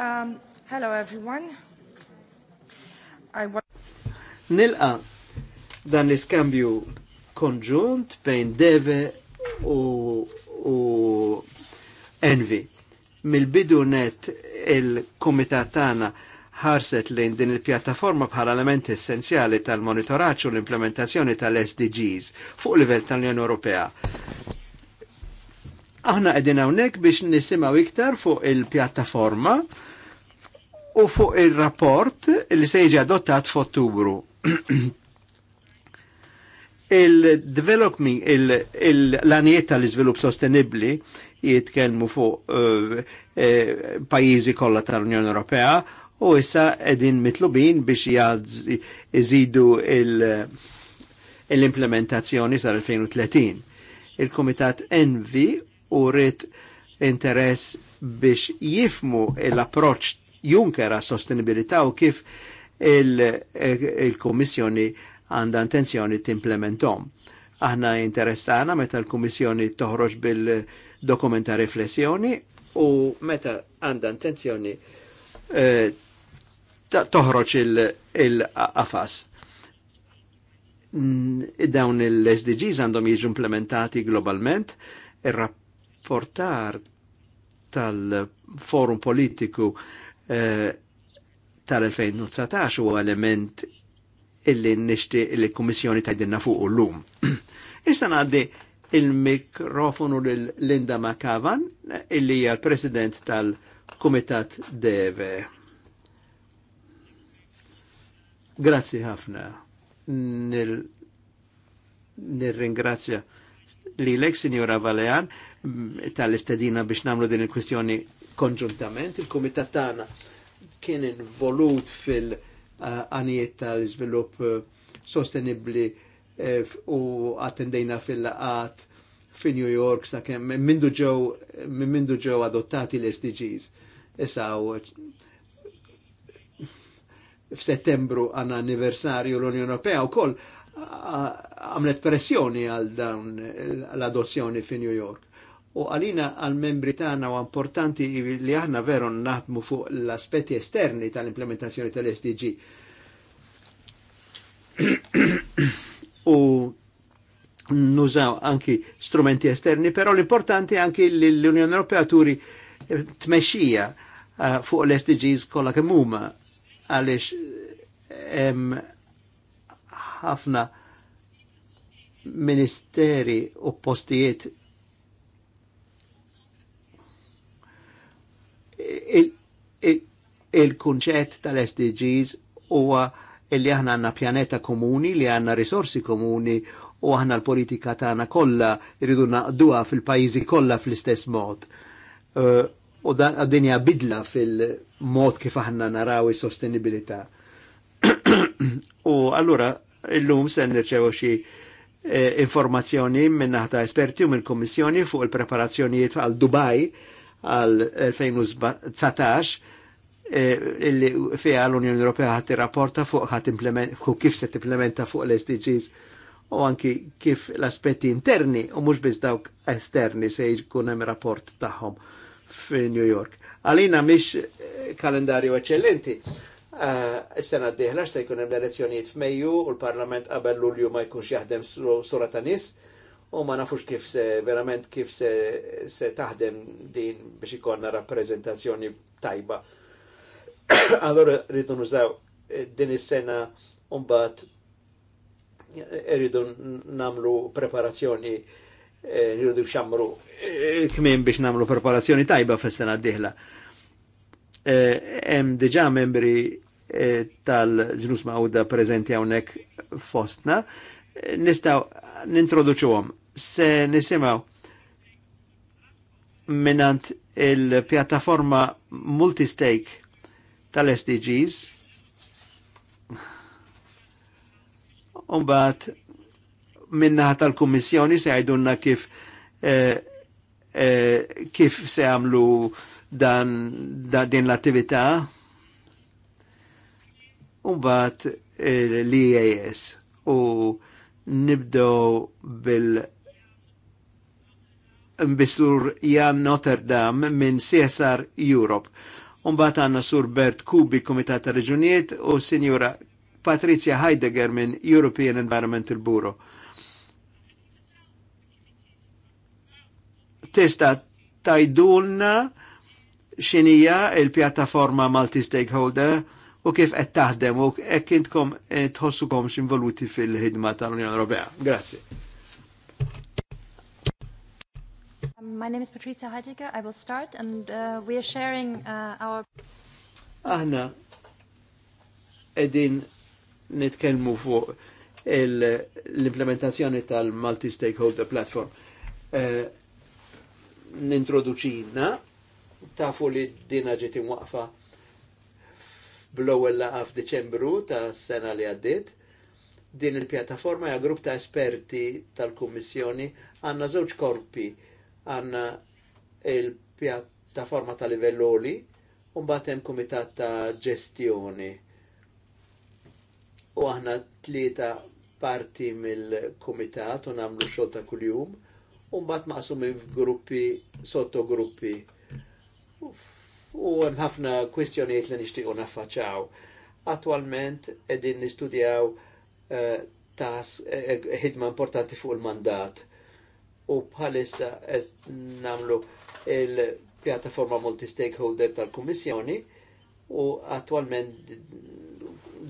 Um, hello everyone. I want... Nilqa dan l-iskambju konġunt bejn Deve u, u Envi. Mil-bidu net il-komitat tagħna ħarset lejn din il-pjattaforma bħala element essenzjali tal-monitoraċ u l-implementazzjoni tal-SDGs fuq livell tal-Unjoni Ewropea Aħna qegħdin hawnhekk biex nisimgħu iktar fuq il-pjattaforma u fuq il-rapport li se jiġi adottat f'Ottubru. Il-development, l-anijiet il development l anieta il tal iżvilupp sostenibli jitkellmu fuq uh, eh, pajjiżi kollha tal-Unjoni Ewropea u issa qegħdin mitlubin biex jżidu l-implementazzjoni sar 2030. Il-Kumitat Envi u rrit interess biex jifmu l-approċ Juncker għas sostenibilità u kif il-Komissjoni il għanda intenzjoni t-implementom. Aħna interessana meta l-Komissjoni toħroġ bil-dokumenta riflessjoni u meta għanda intenzjoni eh, toħroġ il-qafas. Il Dawn il-SDGs għandhom jiġu implementati globalment, il-rapport portar tal-forum politiku eh, tal-2019 u element illi nishti il-Kommissjoni tajdinna fuq l-lum. Issa għaddi il-mikrofonu l-Linda Makavan illi hija l-President tal komitat Deve. Grazzi ħafna. nir Nirringrazzja li l-ek Signora Valean tal-istedina biex namlu din il-kwistjoni konġuntament. Il-Kumitat tagħna kien involut fil-għanijiet tal-iżvilupp eh, sostenibli eh, u attendejna fil-laqat fi New York sakemm mindu ġew adottati l-SDGs. Issa f'Settembru għanna anniversarju l-Unjoni Ewropea u koll għamlet pressjoni għal dawn l-adozzjoni fi New York. U għalina għal-membri tagħna u importanti li aħna veru naħdmu fuq l-aspetti esterni tal-implementazzjoni tal-SDG. u nużaw anki strumenti esterni, però l-importanti anki li l-Unjoni Ewropea turi tmexxija eh, fuq l-SDGs kollha kemm huma għaliex ħafna ministeri u postijiet il-kunċett il, il tal-SDGs huwa li aħna għanna pjaneta komuni li għanna risorsi komuni u aħna l-politika tagħna kollha irridu naqduha fil-pajjiżi kollha fl-istess mod. Uh, u dan għad-dinja bidla fil-mod kif aħna naraw is-sostenibilità. u allura illum se nirċevu xi eh, informazzjoni minn naħta esperti u mill-Kommissjoni fuq il-preparazzjonijiet għal Dubai għal 2019 eh, illi fija l-Unjoni Ewropea ħat rapporta fuq ħat fuq kif se timplementa fuq l-SDGs u anki kif l-aspetti interni u mhux biss dawk esterni se jkun hemm rapport tagħhom f'New York. Għalina mhix eh, kalendarju eċċellenti. Eh, is-sena d dihlax se jkun hemm l-elezzjonijiet f'Mejju u l-Parlament qabel Lulju ma jkunx jaħdem sura ta' nies u ma nafux kif se verament kif se, se taħdem din biex ikonna rappresentazzjoni tajba. allora rridu nużaw eh, din is-sena mbagħad eh, rridu namlu preparazzjoni eh, rridu xamru kmien biex namlu preparazzjoni tajba fis-sena d dihla Hemm diġà membri tal-ġnus mawda preżenti hawnhekk fostna, nistaw nintroduċuhom se nisimaw minant il-pjattaforma multistake tal-SDGs. Umbat minnaħa tal-Kummissjoni se għajdunna kif eh, eh, kif se għamlu dan, dan din l-attività. Umbat eh, l-IAS u nibdow bil- Mbissur Jan Notre-Dame minn CSR Europe. Umbat għanna sur Bert Kubi, Komitat ta' Reġunijiet, u Sinjura Patrizia Heidegger minn European Environmental Bureau. Testa Tajduna xinija il-pjattaforma multi-stakeholder u kif qed taħdem u hekk intkom eh, tħossukom involuti fil-ħidma tal-Unjoni Ewropea. Grazie. my name is Patricia Heidegger. I will start, and uh, we are sharing uh, our. Aħna edin nitkelmu fuq l-implementazzjoni tal-multi-stakeholder platform. Eh, nintroduċina tafu li dina ġiet imwaqfa bl-ewwel laqgħa f'Diċembru ta' sena li għaddiet. Din il-pjattaforma hija grupp ta' esperti tal-Kummissjoni għandna żewġ korpi għanna il-pjattaforma ta' livelloli un batem kumitat ta' ġestjoni. U aħna tlieta parti mill-kumitat u namlu xogħol ta' kuljum u mbagħad maqsumin f'gruppi sottogruppi. U hemm ħafna kwistjonijiet li nixtiequ naffaċċaw. Attwalment qegħdin nistudjaw eh, tas eh, ħidma importanti fuq il-mandat u bħalissa qed namlu il-pjattaforma multi-stakeholder tal-Kummissjoni u attualment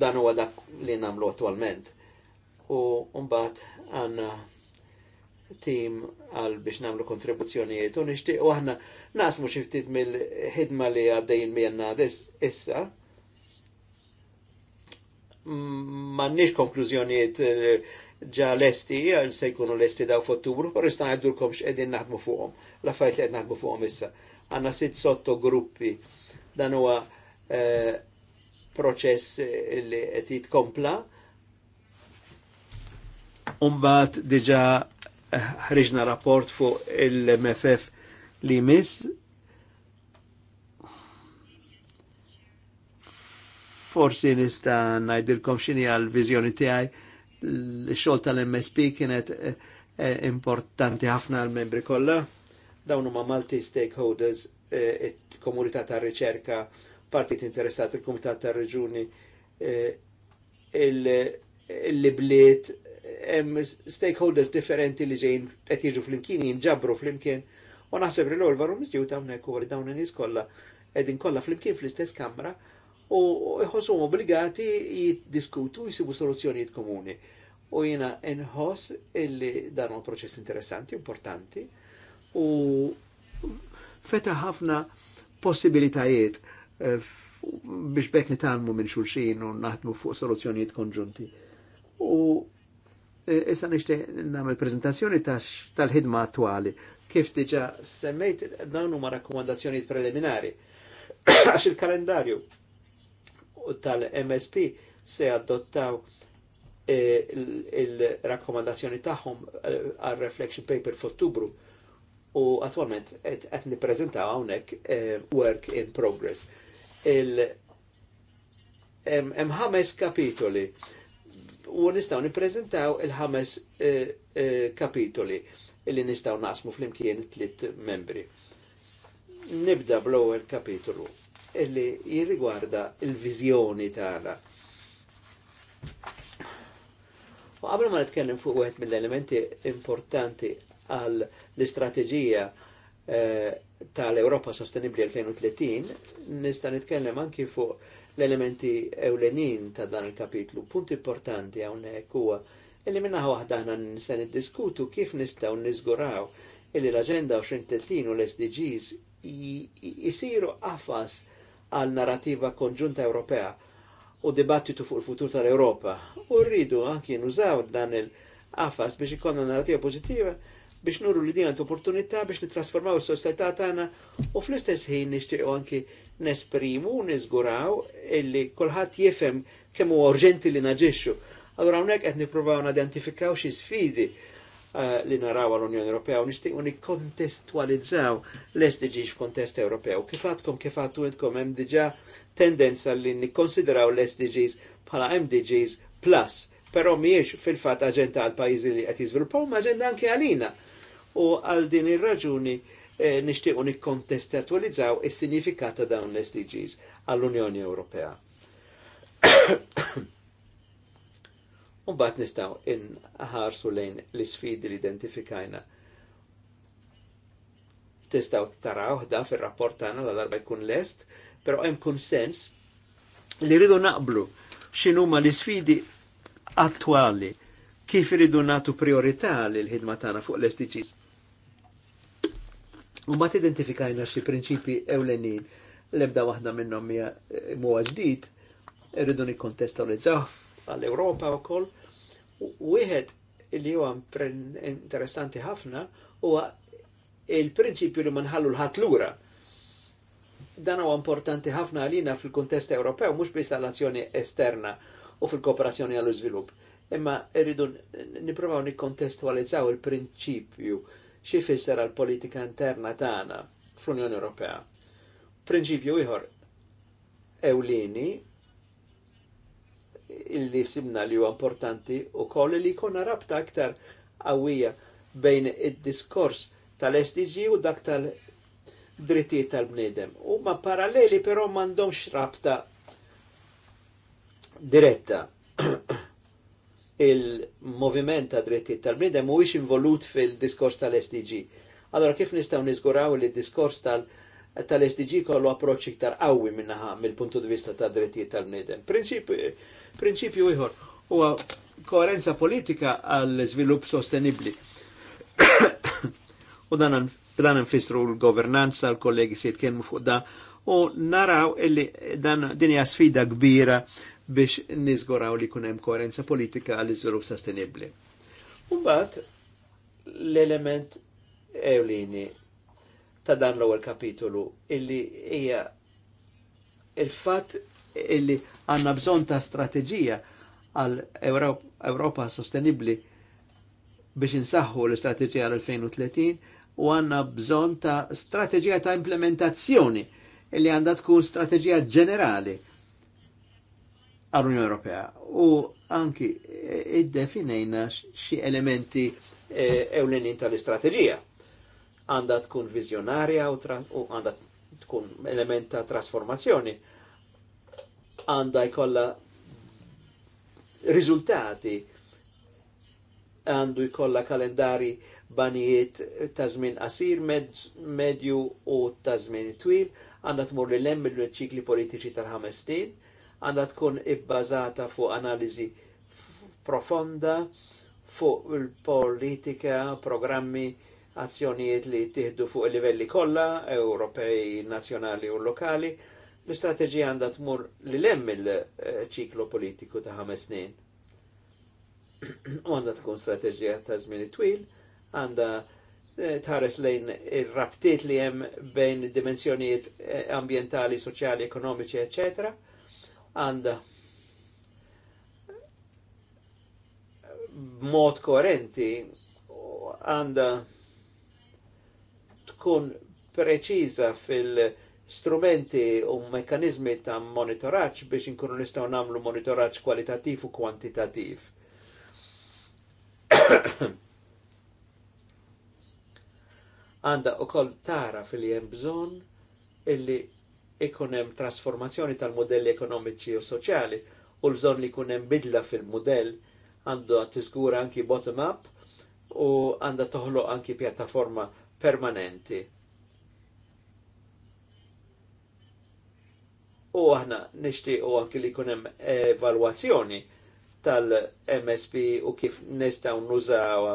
dan huwa dak li namlu attualment. U mbagħad għandna tim għal biex namlu kontribuzzjonijiet u nixtieq u aħna nasmu xi ftit mill-ħidma li għaddejjin mienna issa m'għandniex konklużjonijiet eh, ġa lesti, għal se jkunu l-esti daw f'Ottubru, però jista' ngħidulkom x'qegħdin naħdmu fuqom, l-affarijiet li qed naħdmu fuqhom issa. Għanna sit sotto gruppi dan huwa eh, proċess eh, li qed jitkompla. Umbat diġa eh, ħriġna rapport fuq il-MFF li mis. forsi nista najdilkom xini għal vizjoni tijaj l-xol tal-MSP kienet eh, eh, importanti ħafna għal-membri kollha. Dawn huma Malti stakeholders, eh, il-komunità ta' riċerka, partit interessati, il komunità ta' reġuni, il-libliet, hemm stakeholders differenti li ġejn qed jiġu flimkien jinġabru flimkien u naħseb li l-olvaru miżġew ta' hawnhekk u dawn in-nies kollha qegħdin kollha flimkien fl-istess kamra u jħossu obbligati jiddiskutu jisibu soluzzjoni komuni. U jina nħoss illi dan huwa proċess interessanti, importanti, u feta ħafna possibilitajiet eh, biex bekni nitalmu minn xulxin u naħdmu fuq soluzzjoni konġunti. U eh, issa nishti namel prezentazzjoni tal-ħidma attuali. kif diġa semmejt dawn ma rakkomandazzjonijiet preliminari għax il-kalendarju tal-MSP se adottaw eh, il-rakkomandazzjoni tagħhom eh, għal reflection paper f'Ottubru u attualment qed nippreżentaw hawnhekk eh, work in progress. Hemm ħames kapitoli u nistgħu nippreżentaw il-ħames kapitoli li nistgħu naqsmu flimkien tliet membri. Nibda bl-ewwel kapitolu li jirrigwarda il-vizjoni tagħna. U qabel ma nitkellem fuq wieħed mill-elementi importanti għal l-istrateġija eh, tal-Europa Sostenibli 2030, nista' nitkellem anki fuq l-elementi ewlenin ta' dan il-kapitlu. Punt importanti hawnhekk huwa illi minnaħ waħda aħna nista' niddiskutu kif nistgħu niżguraw illi l-Aġenda 2030 u l-SDGs jisiru għafas għal narrativa konġunta Ewropea u dibattitu fuq il-futur tal-Europa. U rridu anki nużaw dan il-qafas biex ikonna narrativa pozittiva biex nurru li dinant opportunità biex nitrasformaw il soċjetà tagħna u fl-istess ħin nishtiqo anki nesprimu u niżguraw illi kulħadd jifem kemm urġenti li naġixxu. Allura hawnhekk qed nippruvaw identifikaw xi sfidi Eh, li naraw għall unjoni Ewropea u nixtiequ nikkontestwalizzaw l-SDGs f'kontest Ewropew. Kif għadkom kif għadtulkom hemm diġà tendenza li nikkonsidraw l-SDGs bħala MDGs plus, però mhijiex fil-fatt aġenda għal pajjiżi li qed jiżviluppaw, ma aġenda anke għalina. U għal din ir-raġuni eh, nixtiequ nikkontestwalizzaw is-sinifikat ta' dawn l-SDGs għall-Unjoni Ewropea. bat nistaw ħarsu lejn l-sfidi li identifikajna. Tistaw taraw da fil-rapport tagħna la darba jkun lest, però hemm sens li rridu naqblu x'inhu ma l-sfidi attwali kif iridu natu priorità lil ħidma tagħna fuq l estiċis U ma tidentifikajna xi prinċipi ewlenin l-ebda waħda minnhom hija muwa ġdid, irridu li għall-Europa u koll, Wieħed li huwa interessanti ħafna huwa il-prinċipju li ma nħallu l-ħadd lura. Dan huwa importanti ħafna għalina fil-kuntest Ewropew mhux biss tal-azzjoni esterna u fil-kooperazzjoni għall-iżvilupp. Imma rridu nippruvaw nikkontestualizzaw il-prinċipju xi fisser għall politika interna tagħna fl-Unjoni Ewropea. Prinċipju ieħor ewlieni illi simna li huwa importanti u koll li jkollna rabta aktar qawwija bejn id-diskors tal-SDG u dak tal-drittijiet tal-bniedem. Huma paralleli però m'għandhomx rabta diretta. il-moviment ta' drittijiet tal-bniedem mhuwiex involut fil-diskors tal-SDG. Allora kif nistgħu niżguraw li d-diskors tal tal-SDG kollu approċċ iktar qawwi minnaħa mill-puntu di vista ta' drittijiet tal-bnedem. Prinċipju Prinċipju ieħor huwa koerenza politika għall żvilupp sostenibbli. u dan dan nfissru l-governanza, l-kollegi se jitkellmu fuq da, u naraw illi dan din hija sfida kbira biex nizgoraw li kunem koerenza politika għall iżvilupp sostenibli. Umbat, l-element ewlini ta' dan l ewwel kapitolu illi hija il-fat illi għanna bżon ta' strategija għal Europa sostenibli biex insaħħu l-istrateġija għal 2030 u għanna bżon ta' strateġija ta' implementazzjoni illi għandha tkun strateġija ġenerali għall-Unjoni Ewropea u anki id-definejna xi elementi eh, ewlenin tal-istrateġija. Għandha tkun vizjonarja u għandha tkun element ta' trasformazzjoni għanda jkolla riżultati għandu jkolla kalendari banijiet ta' żmien qasir, medju u ta' twil, għandha tmur li lemm il-ċikli politiċi tal-ħames snin, għandha tkun ibbażata fuq analiżi profonda fuq il-politika, programmi, azzjonijiet li tieħdu fuq il-livelli kollha, Ewropej, nazzjonali u lokali, L-istrateġija għandha tmur li lem il-ċiklu politiku ta' ħames snin. U għandha tkun strateġija ta' żmien twil, għandha eh, tħares lejn ir-rabtiet li hemm bejn dimensjonijiet eh, ambientali, soċjali, ekonomiċi, ecc. Għandha mod koerenti għandha tkun preċiża fil- strumenti u mekanizmi ta' monitoraġġ biex inkunu nistgħu nagħmlu monitoraċ kwalitattiv u kwantitattiv. Għanda wkoll tara fil hemm bżonn illi ikun hemm trasformazzjoni tal-modelli ekonomiċi u soċjali u l-bżonn li jkun hemm bidla fil-modell għandu tiżgura anki bottom up u għanda toħloq anki pjattaforma permanenti u aħna u anki li jkun hemm evalwazzjoni tal-MSP u kif nistgħu nużawha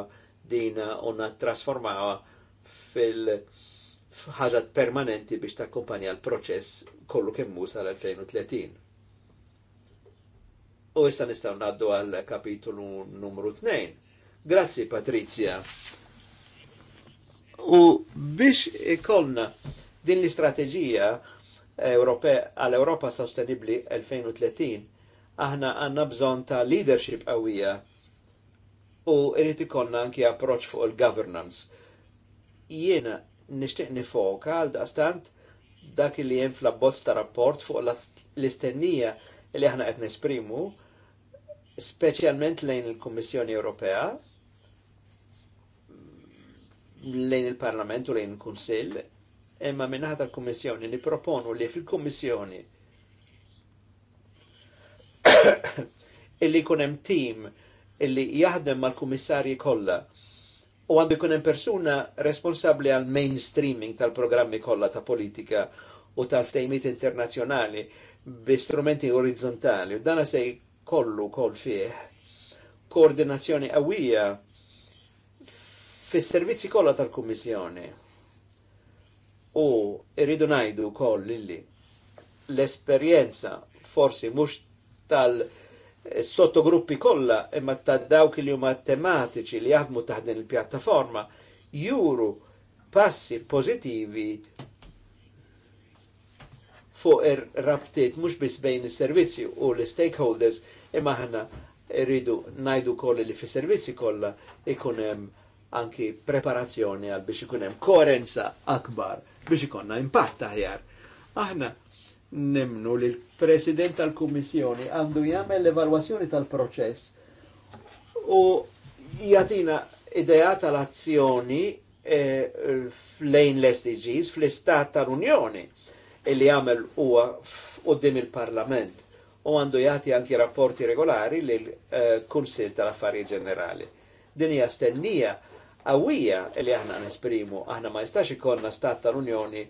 dina u trasformawha fil- ħaġa permanenti biex takkumpanja l-proċess kollu musa l 2030 U issa nistgħu ngħaddu għal kapitolu numru 2. Grazzi Patrizja. U biex ikollna din l-istrateġija għal-Europa Sostenibli 2030, aħna għanna bżon ta' leadership qawwija u irrid ikollna anki approach fuq il-governance. Jiena nixtieq nifoka għal daqstant dak li hemm fl ta' rapport fuq l-istennija li aħna qed nesprimu, speċjalment lejn il-Kummissjoni Ewropea, lejn il-Parlament u lejn il-Kunsill, imma minnaħat tal kommissjoni li proponu li fil-Kummissjoni illi kunem tim illi jaħdem mal-kummissarji kollha u għandu kunem persuna responsabli għal mainstreaming tal-programmi kollha ta' politika u tal-ftejmiet internazjonali bi strumenti orizzontali. U dana se kollu kol fih koordinazzjoni għawija fis-servizzi kollha tal-Kummissjoni U irridu najdu kol lilli. l-esperienza forsi mux tal- sottogruppi kollha imma ta' dawk li huma tematiċi li jaħdmu taħdin il-pjattaforma juru passi pożittivi fuq ir-rabtiet mhux biss bejn is-servizzi u l-stakeholders imma aħna rridu najdu koll li fis-servizzi kollha ikun hemm anki preparazzjoni għal biex ikun hemm koerenza akbar biex ikonna impatt aħjar. Aħna nemnu li l-President tal-Kummissjoni għandu jagħmel l-evalwazzjoni tal-proċess u jatina idea tal-azzjoni e, lejn l-SDGs fl-Istat tal-Unjoni li għamel huwa qudiem il-Parlament u għandu jagħti anki rapporti regolari lil eh, kunsil tal-Affarijiet Ġenerali. Din hija stennija għawija li aħna nesprimu, aħna ma jistax ikonna stat tal-Unjoni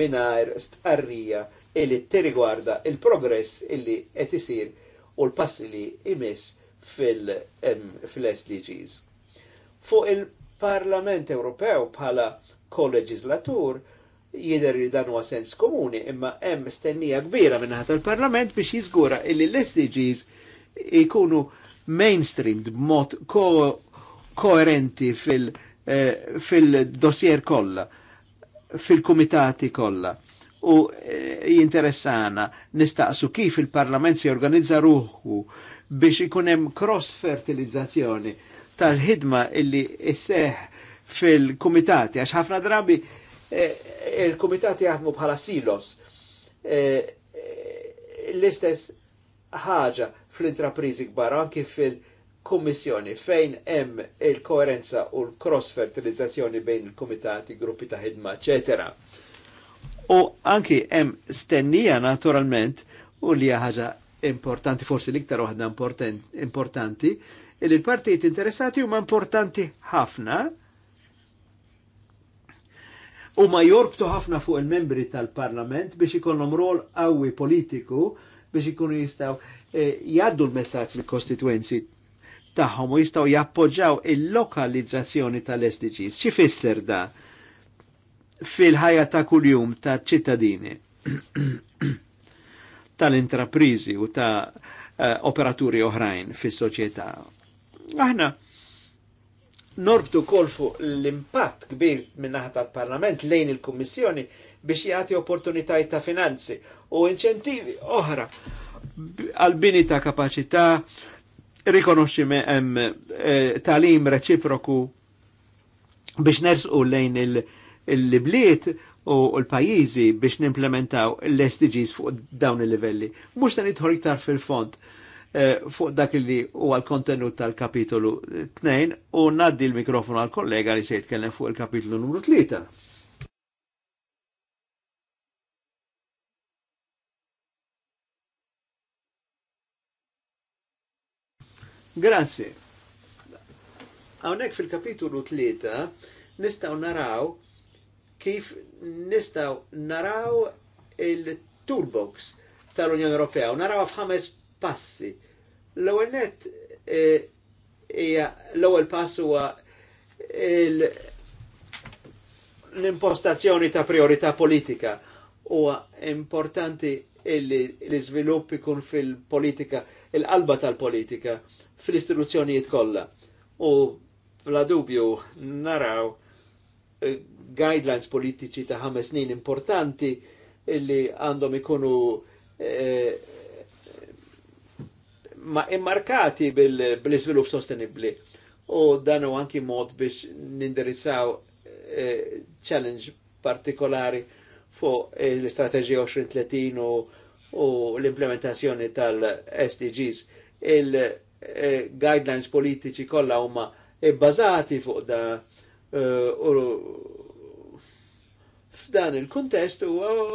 minar stqarrija illi tirigwarda il-progress illi qed isir u l-passi li imiss fil-SDGs. Fuq il-Parlament Ewropew bħala koleġislatur jider li dan huwa sens komuni, imma hemm stennija kbira minnaħat tal-Parlament biex jiżgura illi l-SDGs ikunu mainstreamed b'mod koerenti fil-dossier fil eh, kollha, fil-kumitati kollha. U eh, jinteressana nistaqsu kif il-Parlament si organizza ruħu biex ikun hemm cross-fertilizzazzjoni tal-ħidma illi isseħ fil-kumitati, għax ħafna drabi eh, il-kumitati jaħdmu bħala silos. Eh, eh L-istess ħaġa fl-intraprizi kbar, anki fil- kummissjoni fejn hemm il-koerenza u l-cross-fertilizzazzjoni bejn il-komitati, gruppi ta' ħidma, eccetera. U anki hemm stennija naturalment u li ħaġa importanti, forsi l-iktar waħda importanti, il l-partijiet interessati huma importanti ħafna u ma jorbtu ħafna fuq il-membri tal-parlament biex ikollhom rol qawwi politiku biex ikunu jistaw eh, jaddu l-messaġġ l-kostituenzi tagħhom u jistgħu jappoġġaw il-lokalizzazzjoni tal-SDGs. Xi fisser da fil-ħajja ta' kuljum ta' ċittadini tal-intraprizi u ta' eh, operaturi oħrajn fis-soċjetà. Aħna norbtu kol fuq l-impatt kbir minnaħa tal-Parlament lejn il-Kummissjoni biex jagħti opportunitajiet ta' finanzi u inċentivi oħra għal-bini ta' kapacità rikonoxi hemm em eh, talim reċiproku biex nersqu lejn il libliet u l-pajjiżi biex nimplementaw l-SDGs fuq dawn il-livelli. Mhux se nidħol iktar fil-font eh, fuq dak li huwa għal kontenut tal-kapitolu 2 u naddi l mikrofon għal kollega li se jitkellem fuq il-kapitolu numru 3. Grazie. Hawnhekk fil kapitulu 3 nistgħu naraw kif nistgħu naraw il-toolbox tal-Unjoni Ewropea naraw f'ħames passi. L-ewwel net e, hija e, l-ewwel pass huwa l-impostazzjoni ta' priorità politika huwa importanti illi l-iżvilupp ikun fil-politika, il-qalba tal-politika fil-istituzzjonijiet kollha. U bla dubju naraw eh, guidelines politiċi ta' ħames snin importanti illi għandhom ikunu eh, ma immarkati bil-izvilup sostenibli. U danu anki mod biex nindirizzaw eh, challenge partikolari fuq l istrategija 2030 u, u l-implementazzjoni tal-SDGs. Eh, guidelines politiċi kollha huma bbażati fuq da eh, f'dan il-kuntest u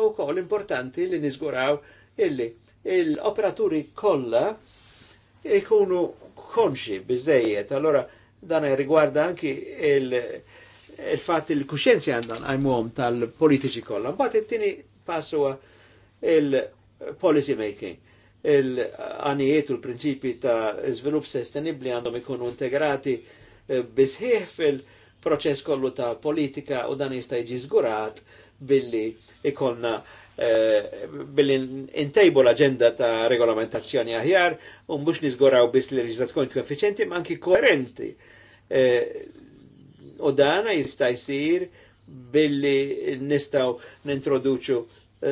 wkoll importanti li niżguraw illi l-operaturi kollha ikunu konxi biżejjed. Allora dan riguarda anki il-fatt il il-kuxjenzi għandan għajmuħom tal-politiċi kollha. Bat it tini passu huwa il-policy making il-għanijiet u l-prinċipi ta' svilup sostenibli għandhom ikunu integrati eh, bisħieħ fil-proċess kollu ta' politika u dan jista' jiġi żgurat billi ikonna eh, billi intejbu l-agenda ta' regolamentazzjoni aħjar u mhux niżguraw biss l-leġizzazzjoni più effiċenti ma anki koerenti. Eh, u dana jista' jsir billi nistaw nintroduċu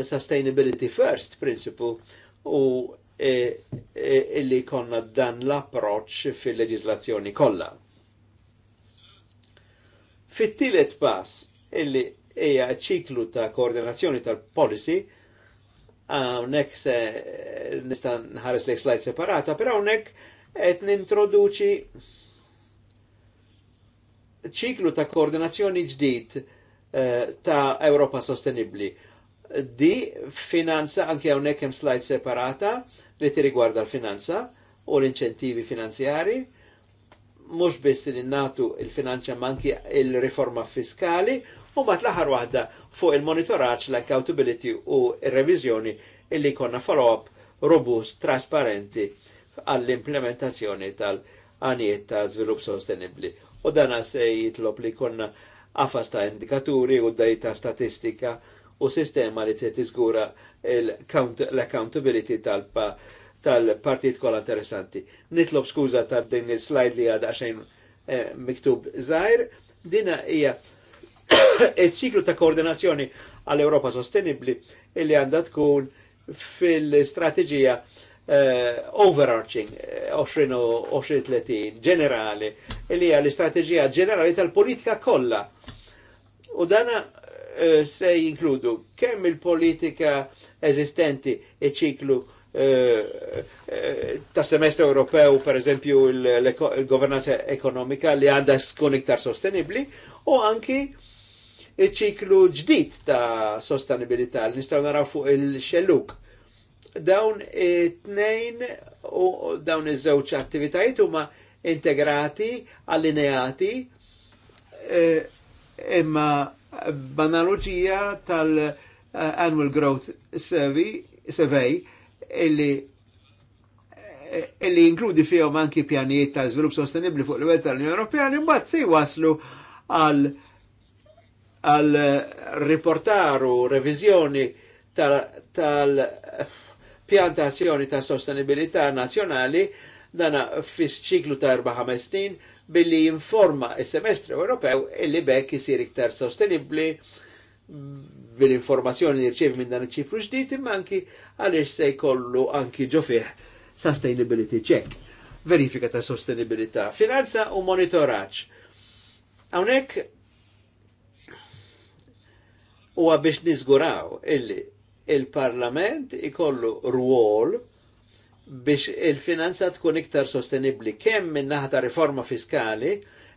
sustainability first principle u E, e, illi konna dan l-approċ fil-leġislazzjoni kollha. Fit-tielet pass illi hija ċiklu ta' koordinazzjoni tal-policy hawnhekk se nista' nħares lejk slide separata, però hawnhekk qed nintroduċi ċiklu ta' koordinazzjoni ġdid eh, ta' Europa Sostenibli di finanza, anke hawnhekk hemm slide separata li tirigwarda l-finanza u l-inċentivi finanzjari, mhux biss li natu il-finanċa manki il-riforma fiskali u mat l wahda waħda fuq il-monitoraġġ l-accountability u il-revizjoni illi konna follow-up robust, trasparenti għall-implementazzjoni tal-għaniet ta' svilupp sostenibli. U dana se jitlob li konna għafas ta' indikaturi u dajta statistika u sistema li se tiżgura l-accountability tal-partit kol interessanti. Nitlob skuza ta' din il-slide li għadha xejn eh, miktub zaħir, dina hija il-siklu ta' koordinazzjoni għall-Europa sostenibli illi għandha tkun fil-strategija uh, overarching 20-30 eh, ġenerali, li hija l-istrateġija ġenerali tal-politika kollha. U dana Eh, se jinkludu kemm il-politika eżistenti iċiklu ċiklu eh, eh, ta' semestru Ewropew, per eżempju, il-governanza ekonomika li għandha tkun iktar sostenibli, u anki ċiklu ġdid ta' sostenibilità li nistaw naraw fuq il-xelluk. Dawn it-tnejn u dawn iż-żewġ attivitajiet huma integrati, allineati, imma banaloġija tal-Annual Growth Survey, survey illi illi inkludi fihom anki pjanijiet ta' żvilupp sostenibbli fuq l-livell tal-Unjoni Ewropea li mbagħad se waslu għal għal riportaru reviżjoni tal-pjantazzjoni ta' sostenibilità nazzjonali dana fis ċiklu ta' 4-5 snin billi jinforma il-semestru Ewropew illi bekk jisir iktar sostenibli bil-informazzjoni li rċevi minn dan iċ-ċifru ġdid imma anki għaliex se jkollu anki ġofih sustainability check. Verifika ta' sostenibilità, finanza u monitoraġġ. Hawnhekk huwa biex nizguraw illi il-Parlament ikollu rwol biex il-finanza tkun iktar sostenibli kemm minn naħa ta' riforma fiskali,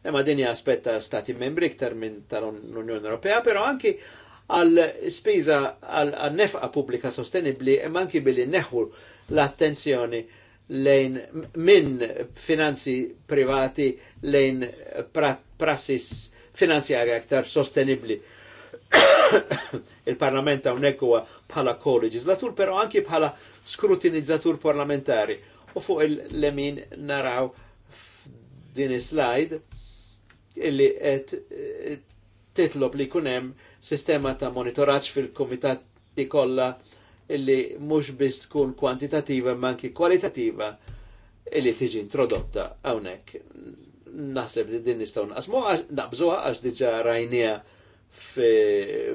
imma din aspetta stati membri iktar minn tal-Unjoni Ewropea, però anki għal spiża għal nefqa pubblika sostenibli imma anki billi neħu l-attenzjoni lejn minn finanzi privati lejn prassis finanzjarja iktar sostenibli il-parlament hawnhekk huwa bħala koleġislatur, però anki bħala skrutinizzatur parlamentari. U fuq il-lemin naraw din slide illi qed eh, titlob li kunem sistema ta' monitoraġġ fil di kollha illi mhux biss tkun kwantitativa ma anki kwalitativa illi tiġi introdotta hawnhekk. Naħseb li din nistgħu naqsmu naqbżuha għax diġà rajnija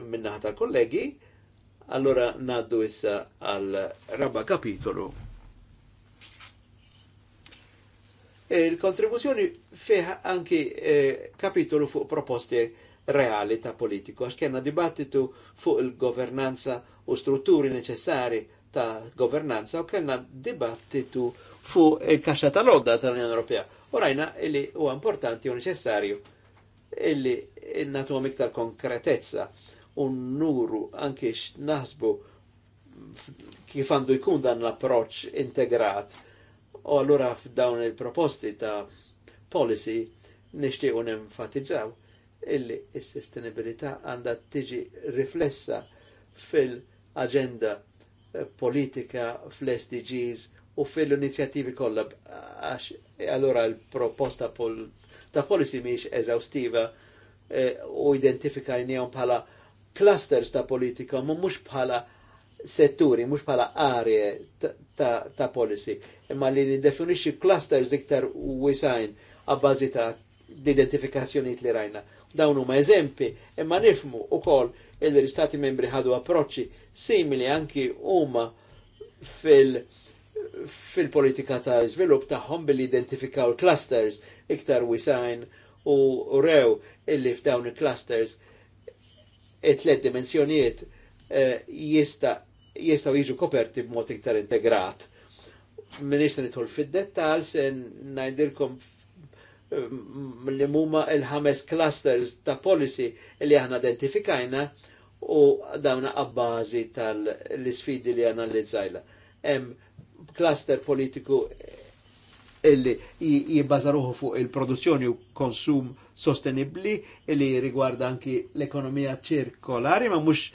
minnaħa ta' kollegi, allora naddu issa għal raba kapitolu. E il kontribuzjoni fih anki e, kapitolu fuq proposti reali ta' politiku, għax kena dibattitu fuq il-governanza u strutturi neċessari ta' governanza u kellna dibattitu fuq il-kaxa tal-odda tal-Unjoni Ewropea. U rajna li huwa importanti u neċessarju illi innatu għom iktar konkretezza un nuru anki naħsbu kif għandu jkun dan l-approċ integrat u allura f'dawn il-proposti ta' policy nishtiqu enfatizzaw illi is-sostenibilità għanda tiġi riflessa fil-agenda politika fl-SDGs u fil inizjativi kollha għax e allura l-proposta pol ta' policy miex eżawstiva e, u identifikajnijom bħala clusters ta' politika, ma mux bħala setturi, mux bħala aree ta', policy, imma li nidefinixi clusters iktar u wisajn għabbażi ta' d-identifikazzjoniet li rajna. Dawn huma eżempi, imma nifmu u kol il stati membri ħadu approċċi simili anki huma fil- fil-politika ta' żvilupp tagħhom billi identifikaw clusters iktar wisajn u rew illi f'dawn il-clusters it-tlet dimensjonijiet eh, jistaw jiġu koperti b'mod iktar integrat. Minix nidħol fid-dettal se ngħidilkom eh, li huma il-ħames clusters ta' policy li aħna identifikajna u dawna għabbażi tal-sfidi li analizzajla. Hemm cluster politiku eh, illi jibbażaruħu fuq il-produzzjoni u konsum sostenibli illi rigwarda anki l-ekonomija ċirkolari ma mux,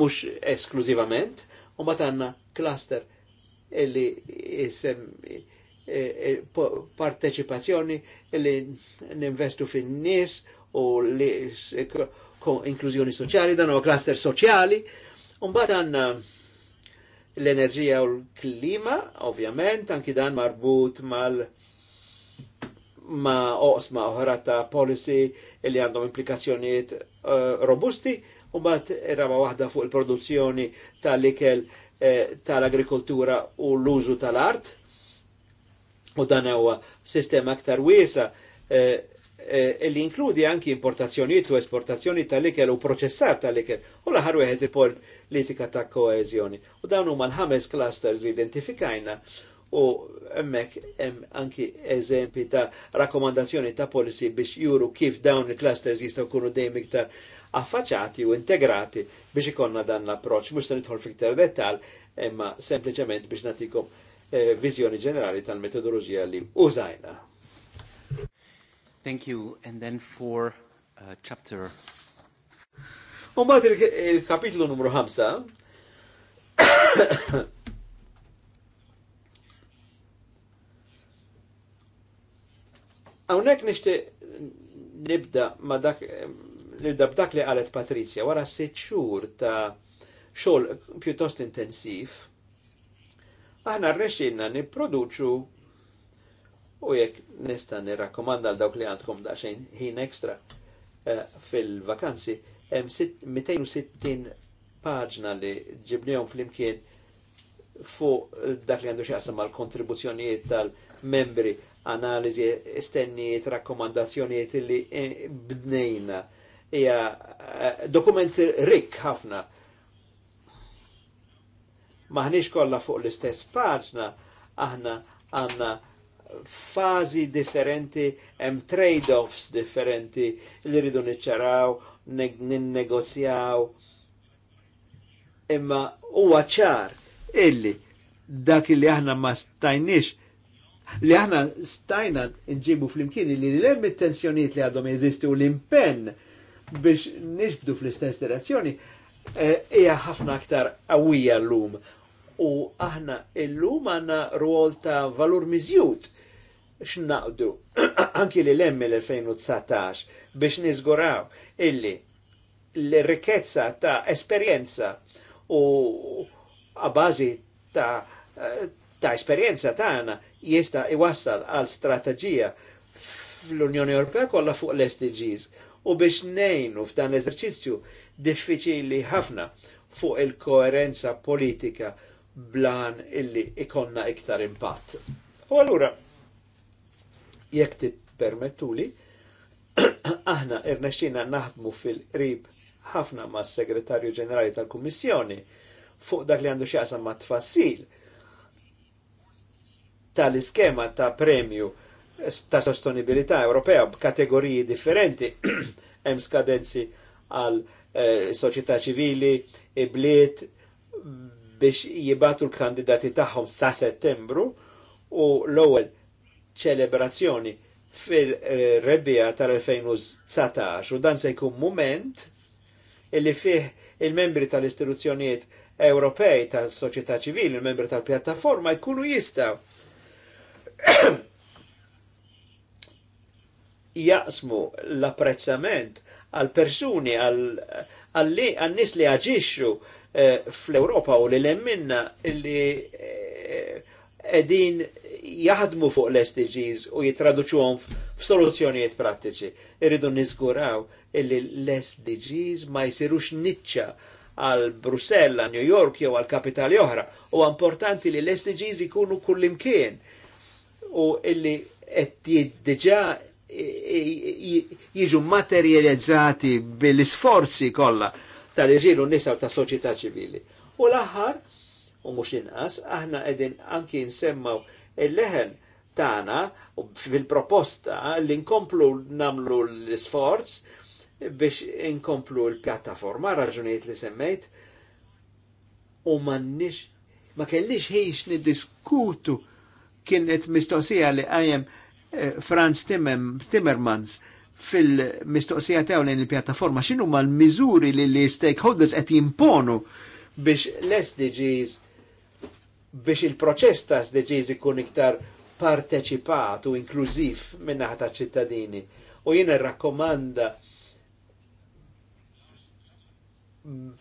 mux esklusivament u ma tanna cluster illi jisem eh, eh, partecipazzjoni parteċipazzjoni illi ninvestu fin nis u l inklużjoni soċjali dan u cluster soċjali u mbagħad għandna l-enerġija u l-klima, ovvjament, anki dan marbut mal ma oqsma oħra ta' policy li għandhom implikazzjonijiet uh, robusti, u bat raba waħda fuq il-produzzjoni tal-ikel eh, tal-agrikoltura u l-użu tal-art, u dan huwa sistema aktar wiesa eh, Eh, li inkludi anki importazzjonijiet u esportazzjoni tal-ikel u proċessar tal-ikel u laħar wieħed il-politika ta' koezjoni. U dawn huma l-ħames clusters li identifikajna u emmek em anki eżempi ta' rakkomandazzjoni ta' policy biex juru kif dawn il-clusters jistaw kunu dejjem iktar affaċati u integrati biex ikonna dan l-approċ, mux se nidħol fiktar dettal, imma sempliciment biex natikom eh, vizjoni ġenerali tal-metodologija li użajna. Thank you. And then for uh, chapter. Umbat il-kapitlu numru 5. Għawnek nishti nibda ma dak nibda b'dak li għalet Patrizja wara sitt xhur ta' xogħol pjuttost intensiv. Aħna rrexxinna nipproduċu u jekk nista' nirrakkomanda għal dawk li għandkom daqsxejn ħin ekstra eh, fil-vakanzi, hemm 260 paġna li ġibnihom flimkien fuq dak li għandu xaqsam mal kontribuzzjonijiet tal-membri, analiżi, estennijiet, rakkomandazzjonijiet li eh, bdnejna. Hija eh, dokument rik ħafna. Maħniex kollha fuq l-istess paġna, aħna għanna fazi differenti, hemm trade-offs differenti li rridu niċċaraw, ninnegozjaw. Imma huwa ċar illi dak li aħna ma stajniex li aħna stajna nġibu fl li l-hemm it-tensjoniet li għadhom jeżistu l-impenn biex nixbdu fl-istess direzzjoni eh, hija ħafna aktar qawwija llum. U aħna llum għandna rwol ta' valur miżjud x'naqdu anki li lemmi l-2019 biex niżguraw illi l-rikkezza ta' esperjenza u għabazi ta' ta' esperjenza tagħna jista' iwassal għal strateġija fl-Unjoni Ewropea kollha fuq l-SDGs u biex nejnu f'dan l-eżerċizzju diffiċili ħafna fuq il-koerenza politika blan illi ikonna iktar impatt. U allura, jekk permettuli, aħna irnexina naħdmu fil-qrib ħafna mas segretarju ġenerali tal-Kummissjoni fuq dak li għandu xjaqsam ma' tfassil tal-iskema ta' premju ta' sostenibilità Ewropea b'kategoriji differenti hemm skadenzi għal eh, soċjetà ċivili, ibliet biex jibatu l-kandidati tagħhom sa' settembru u l-ewwel ċelebrazzjoni fil-rebbija tal-2019 u dan se jkun moment illi fih il-membri tal-istituzzjonijiet Ewropej tal-soċjetà ċivili, il-membri tal-pjattaforma jkunu jistaw jaqsmu l-apprezzament għal persuni għal nis li aġixxu eh, fl-Europa u li lemminna li eh, edin jaħdmu fuq l-SDGs u jitraduċuhom f'soluzzjonijiet prattiċi. Irridu niżguraw illi l-SDGs ma jsirux niċċa għal Brussella, New York jew għal kapitali oħra. U importanti li l-SDGs ikunu kullimkien u illi qed jiddiġà jiġu materializzati bil-sforzi kollha tal-irġiel nisaw ta' soċjetà ċivili. U l-aħħar, u mhux inqas, aħna qegħdin anki nsemmaw Il-leħen tana fil-proposta li nkomplu namlu l-sforz biex nkomplu l-pjattaforma, raġunijiet li semmejt, u mannix, ma kellix hiex niddiskutu kienet mistoqsija li għajem eh, Franz Timmermans fil-mistoqsija tiegħu lejn il-pjattaforma xinu ma l-miżuri li l-stakeholders qed jimponu biex l-SDGs biex il-proċess ta' deċiż ikun iktar parteċipat u inklużiv minnaħa ta' ċittadini. U jiena rakkomanda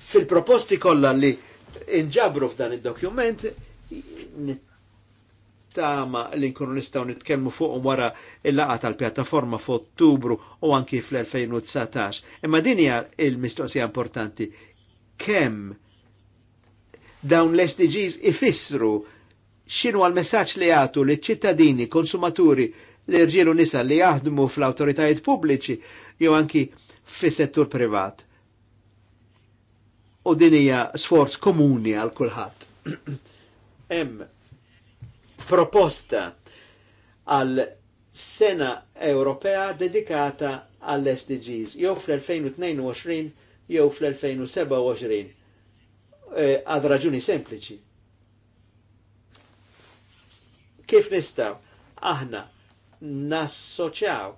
fil-proposti kollha li inġabru f'dan id-dokument nittama li nkunu nistgħu nitkellmu fuq wara il-laqa tal-pjattaforma f'Ottubru u anki fl-2019. Imma din hija l mistoqsija importanti kemm dawn l-SDGs ifissru xinu għal messaċ li għatu li ċittadini, konsumaturi, li rġilu nisa li jaħdmu fl-autoritajiet pubbliċi jew anki fis-settur privat. U din hija sforz komuni għal kulħadd. Hemm proposta għal sena Ewropea dedikata għall SDGs jew fl-2022 jew fl-2027 Eh, għad raġuni sempliċi. Kif nistaw aħna nassoċjaw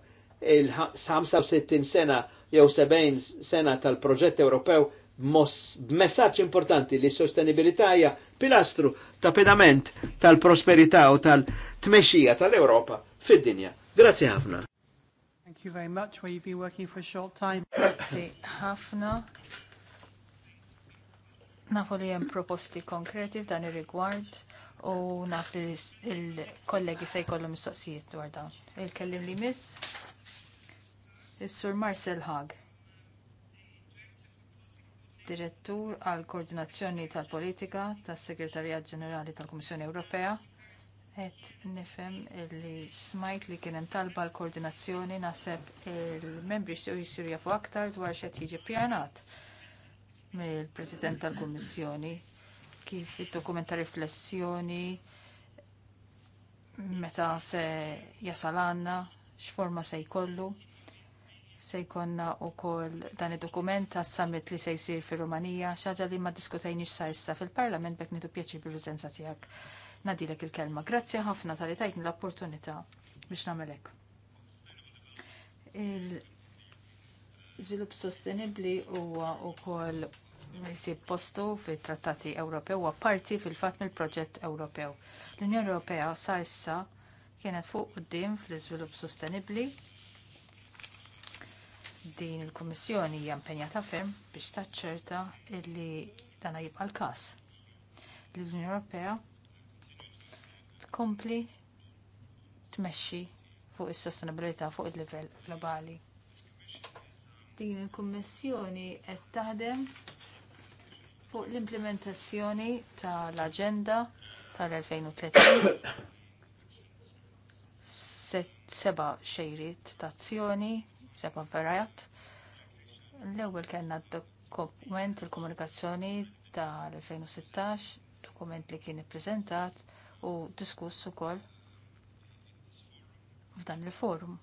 il-65 sena jew 70 sena tal-proġett Ewropew b'messaġġ importanti li s-sostenibilità hija pilastru ta' pedament tal-prosperità u tal tmexija tal-Ewropa fid-dinja. Grazie ħafna. Thank you very much. Will you be working for a short time? Grazzi ħafna. Nafu li hemm proposti konkreti f'dan ir-rigward u naf li il-kollegi se jkollhom mistoqsijiet dwar dan. Il-kellim li miss is-Sur Marcel Hag. Direttur għal koordinazzjoni tal-politika tas-Segretarjat Ġenerali tal-Kummissjoni Ewropea. Et nifhem li smajt li kien hemm talba l-koordinazzjoni naħseb il-membri jistgħu jisiru jafu aktar dwar x'qed jiġi pjanat mill-President tal-Kummissjoni kif id-dokumenta riflessjoni meta se jasal għanna x'forma se jkollu se jkonna u koll dan id-dokument s summit li se jsir fir rumanija xaġa li ma diskutajni sa issa fil-Parlament bek nitu pieċi bil-preżenza tiegħek. Nadilek il-kelma. Grazzi ħafna tal-li tajtni l-opportunità biex namelek. Żvilupp sostenibbli huwa wkoll jsib postu fit-trattati Ewropew u parti fil-fatt mill-proġett Ewropew. L-Unjoni Ewropea sa issa kienet fuq quddiem fl-iżvilupp sostenibbli. Din il-Kummissjoni hija impenjata ferm biex taċċerta li dana jibqa' l-każ. L-Unjoni Ewropea tkompli tmexxi fuq is-sostenibilità fuq il-livell globali din il-Kummissjoni qed taħdem fuq l-implementazzjoni tal-Aġenda tal-2030 seba xejriet tazzjoni, seba verajat. L-ewwel kellna dokument il-komunikazzjoni tal-2016, dokument li kien ippreżentat u diskuss ukoll f'dan il-forum.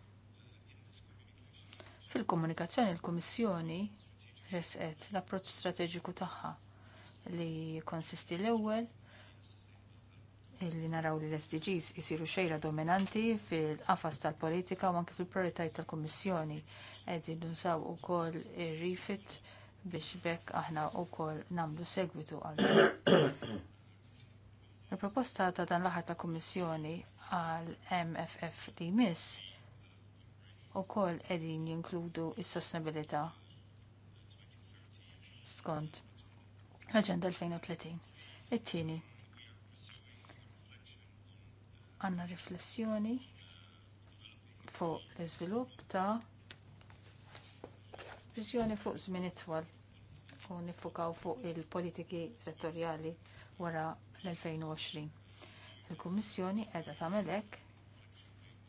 Fil-komunikazzjoni l-Kummissjoni resqet l-approċċ strateġiku tagħha li konsisti l-ewwel illi naraw li l-SDGs jisiru xejra dominanti fil-qafas tal-politika u anke fil-prioritajt tal-Kummissjoni qegħdin nużaw ukoll ir-rifit biex bekk aħna wkoll nagħmlu segwitu għal Il-proposta ta' dan l-aħħar tal-Kummissjoni għal MFF di miss u kol edin jinkludu il-sostenibilita skont Agenda 2030. It-tieni. Għanna riflessjoni fuq l-iżvilupp ta' viżjoni fuq żmien itwal u nifukaw fuq il-politiki settorjali wara l-2020. Il-Kummissjoni qiegħda tagħmel hekk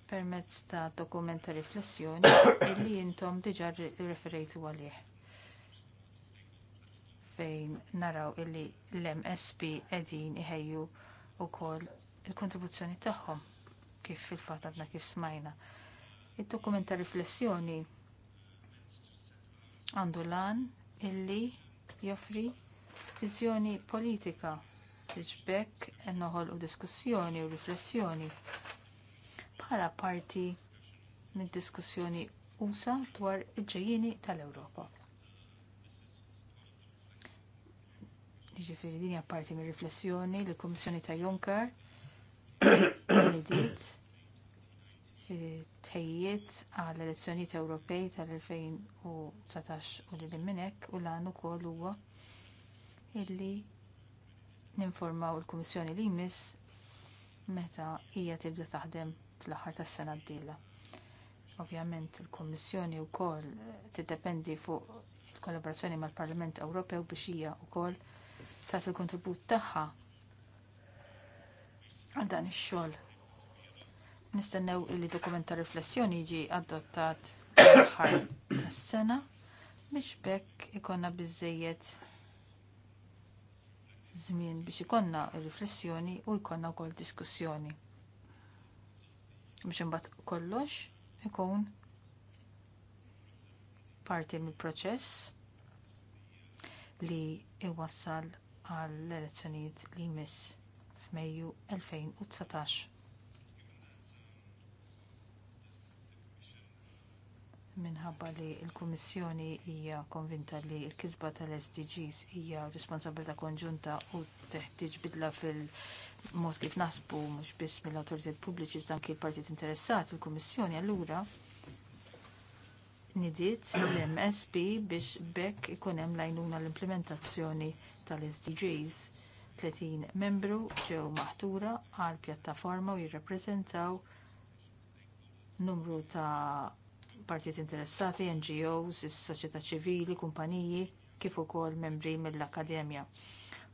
permezz ta' dokument ta' riflessjoni illi intom diġà referejtu għalih fejn naraw illi l-MSP qegħdin iħejju wkoll il-kontribuzzjoni tagħhom kif fil-fatt għadna kif smajna. Id-dokument ta' riflessjoni għandu lan illi joffri viżjoni politika tiġbek bekk noħolqu diskussjoni u riflessjoni bħala parti mid-diskussjoni usa dwar il-ġejjini tal-Ewropa. Jiġifieri din hija parti mir-riflessjoni li l-Kummissjoni ta' Juncker fit tejjiet għal elezzjonijiet Ewropej tal-2019 u lil minn hekk u l-għan ukoll huwa illi ninformaw il-Kummissjoni li jmiss meta hija tibda taħdem fl-aħħar tas-sena d-dila. Ovvjament il kummissjoni wkoll tiddependi fuq il-kollaborazzjoni mal-Parlament Ewropew biex hija wkoll tagħti il kontribut tagħha għal dan ix-xogħol. Nistennew li dokument ta' riflessjoni jiġi adottat fl-aħħar tas-sena biex bekk ikonna biżejjed żmien biex ikonna riflessjoni u jkollna wkoll diskussjoni biex imbagħad kollox ikun parti mill-proċess li iwassal għall elezzjonijiet li jmiss f'Mejju 2019. Minħabba li l-Kummissjoni hija konvinta li l-kisba tal-SDGs hija responsabilità konġunta u teħtieġ bidla fil- mod kif nasbu mhux biss mill-awtoritajiet pubbliċi iżda kif partit interessati, il-Kummissjoni allura nidiet l-MSP biex bekk ikun hemm lajnuna l-implementazzjoni tal-SDGs. 30 membru ġew maħtura għal pjattaforma u jirrappreżentaw numru ta' partijiet interessati, NGOs, is-soċjetà ċivili, kumpaniji, kif ukoll membri mill-Akademja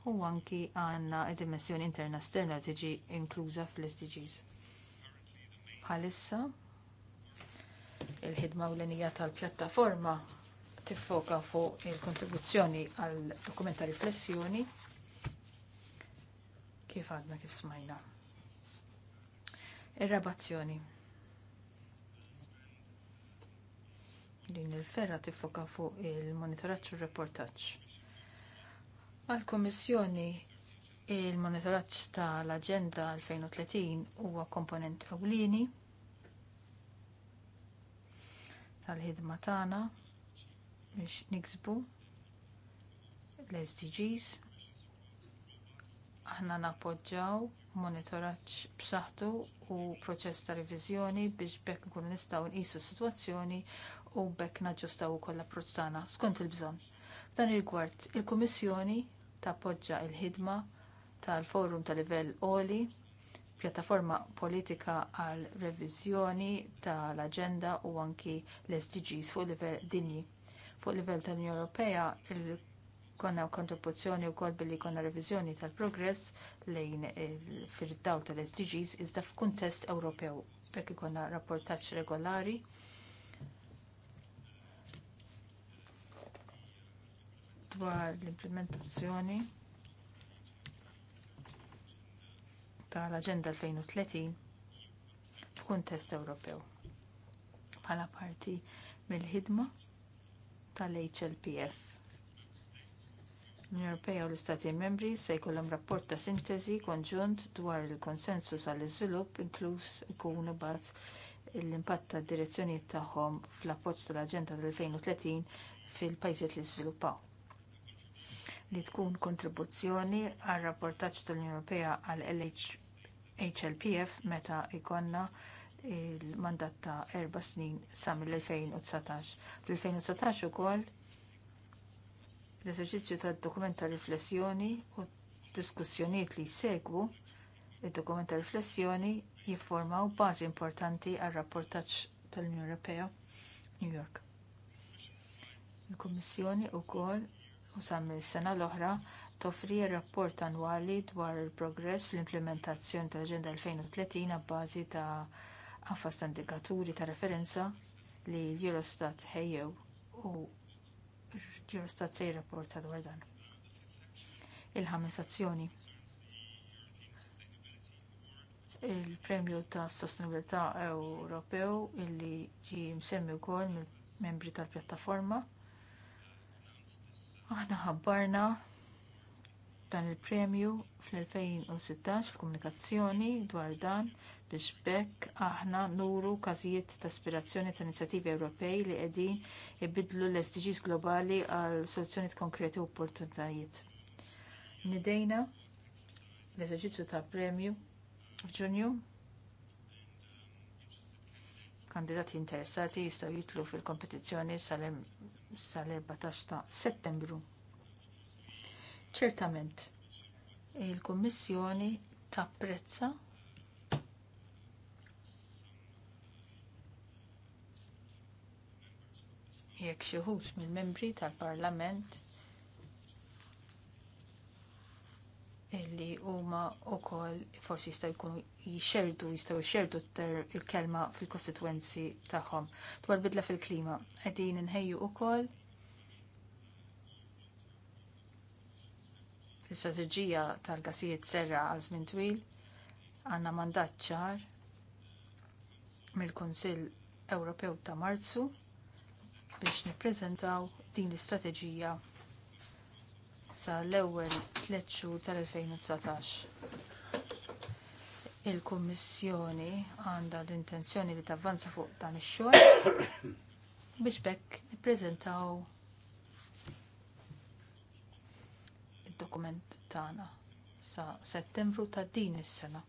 u anki għandna id-dimensjoni interna sterna tiġi inkluża fl-SDGs. Bħalissa, il-ħidma l-enija tal-pjattaforma tiffoka fuq il-kontribuzzjoni għal dokumenta riflessjoni kif għadna kif smajna. Ir-rabazzjoni. Din il-ferra tiffoka fuq il-monitoraċ u reportaċ Għal-Komissjoni il-monitoraġġ tal-Aġenda 2030 huwa komponent ewlieni tal-ħidma tagħna biex niksbu l-SDGs. Aħna napoġġaw monitoraġġ b'saħħtu u proċess ta' reviżjoni biex bekk nkunu nistgħu nqisu s-sitwazzjoni u bekk naġġustaw ukoll l-approċċ tagħna skont il-bżonn. F'dan il-gwart, il-Kummissjoni tappoġġa l ħidma tal-Forum tal livell Oli, pjattaforma politika għal reviżjoni tal-Aġenda u anki l-SDGs fuq livell dinji. Fuq livell tal-Unjoni Ewropea, konna kontribuzzjoni wkoll billi konna reviżjoni tal-progress lejn fir-daw tal-SDGs iżda f'kuntest Ewropew. Bekk konna rapportaġġ regolari dwar l-implementazzjoni tal-Aġenda 2030 f'kuntest Ewropew bħala parti mill-ħidma tal-HLPF. L-Unjoni Ewropea u l-Istati Membri se jkollhom rapport ta' sintesi konġunt dwar il-konsensus għall iżvilupp inkluż ikun imbagħad l-impatt tad direzzjonijiet tagħhom fl-appoġġ tal-Aġenda tal-2030 fil-pajjiżiet li żviluppaw li tkun kontribuzzjoni għal rapportaġġ tal-Unjoni Ewropea għal HLPF meta ikonna il-mandat ta' erba snin sa' mill-2019. Fl-2019 ukoll l-eżerċizzju tad dokument ta' riflessjoni u diskussjonijiet li jsegwu id-dokument ta' riflessjoni jiffurmaw bażi importanti għar rapportaġġ tal-Unjoni Ewropea New York. Il-Kummissjoni wkoll u sa mill-sena l-oħra toffri rapport annwali dwar il-progress fl-implementazzjoni tal-Aġenda 2030 bbażi ta' qafas ta' indikaturi ta' referenza li l-Eurostat ħejjew u l-Eurostat se jirrapporta dwar dan. Il-ħames azzjoni. Il-Premju ta' Sostenibilità Ewropew illi ġie msemmi wkoll mill-membri tal-pjattaforma Aħna ħabbarna dan il-premju fl-2016 f'komunikazzjoni dwar dan biex bekk aħna nuru każijiet ta' aspirazzjoni ta' inizjattivi Ewropej li qegħdin ibidlu l-SDGs globali għal soluzzjonijiet konkreti u opportunitajiet. Nidejna l-eżerċizzju ta' premju f'Ġunju kandidati interessati jistgħu jitlu fil-kompetizzjoni sal sal-14 ta' settembru. Ċertament, il-Kummissjoni prezza. jekk xi ħut mill-membri tal-Parlament illi huma wkoll forsi jistgħu jkunu jxerdu, jistgħu jxerdu il-kelma fil kostitwenzi tagħhom. Dwar bidla fil-klima, qegħdin inħejju wkoll l-istrateġija tal-gasijiet serra għal żmien twil għandna mandat ċar mill-Kunsill Ewropew ta' Marzu biex nippreżentaw din l-istrateġija sa l-ewwel tliet xhur tal-2019. Il-Kummissjoni għandha l-intenzjoni li tavvanza fuq dan ix-xogħol biex bekk nippreżentaw id-dokument tagħna sa Settembru ta' din is-sena.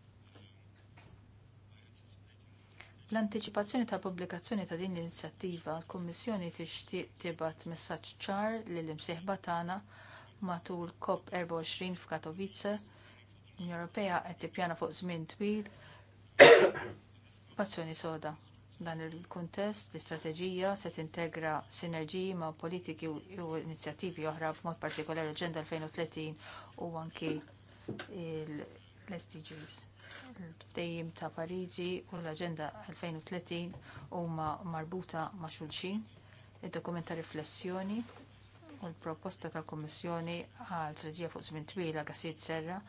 L-antiċipazzjoni ta' pubblikazzjoni ta' din l-inizjattiva, l-Kummissjoni tixtieq tibgħat messaġġ ċar lill imsieħba tagħna matul COP24 f'Katowice. L-Unjoni Ewropea qed tippjana fuq żmien twil pazzjoni soda. Dan il-kuntest, l-istrateġija se tintegra sinerġiji ma' politiki u inizjattivi oħra b'mod partikolari l-Agenda 2030 u anki l-SDGs. Ftejjim ta' Pariġi u l-Agenda 2030 huma marbuta ma' xulxin, id-dokumenta riflessjoni u l-proposta tal-Kommissjoni għal strategija fuq żmien twila gasid serra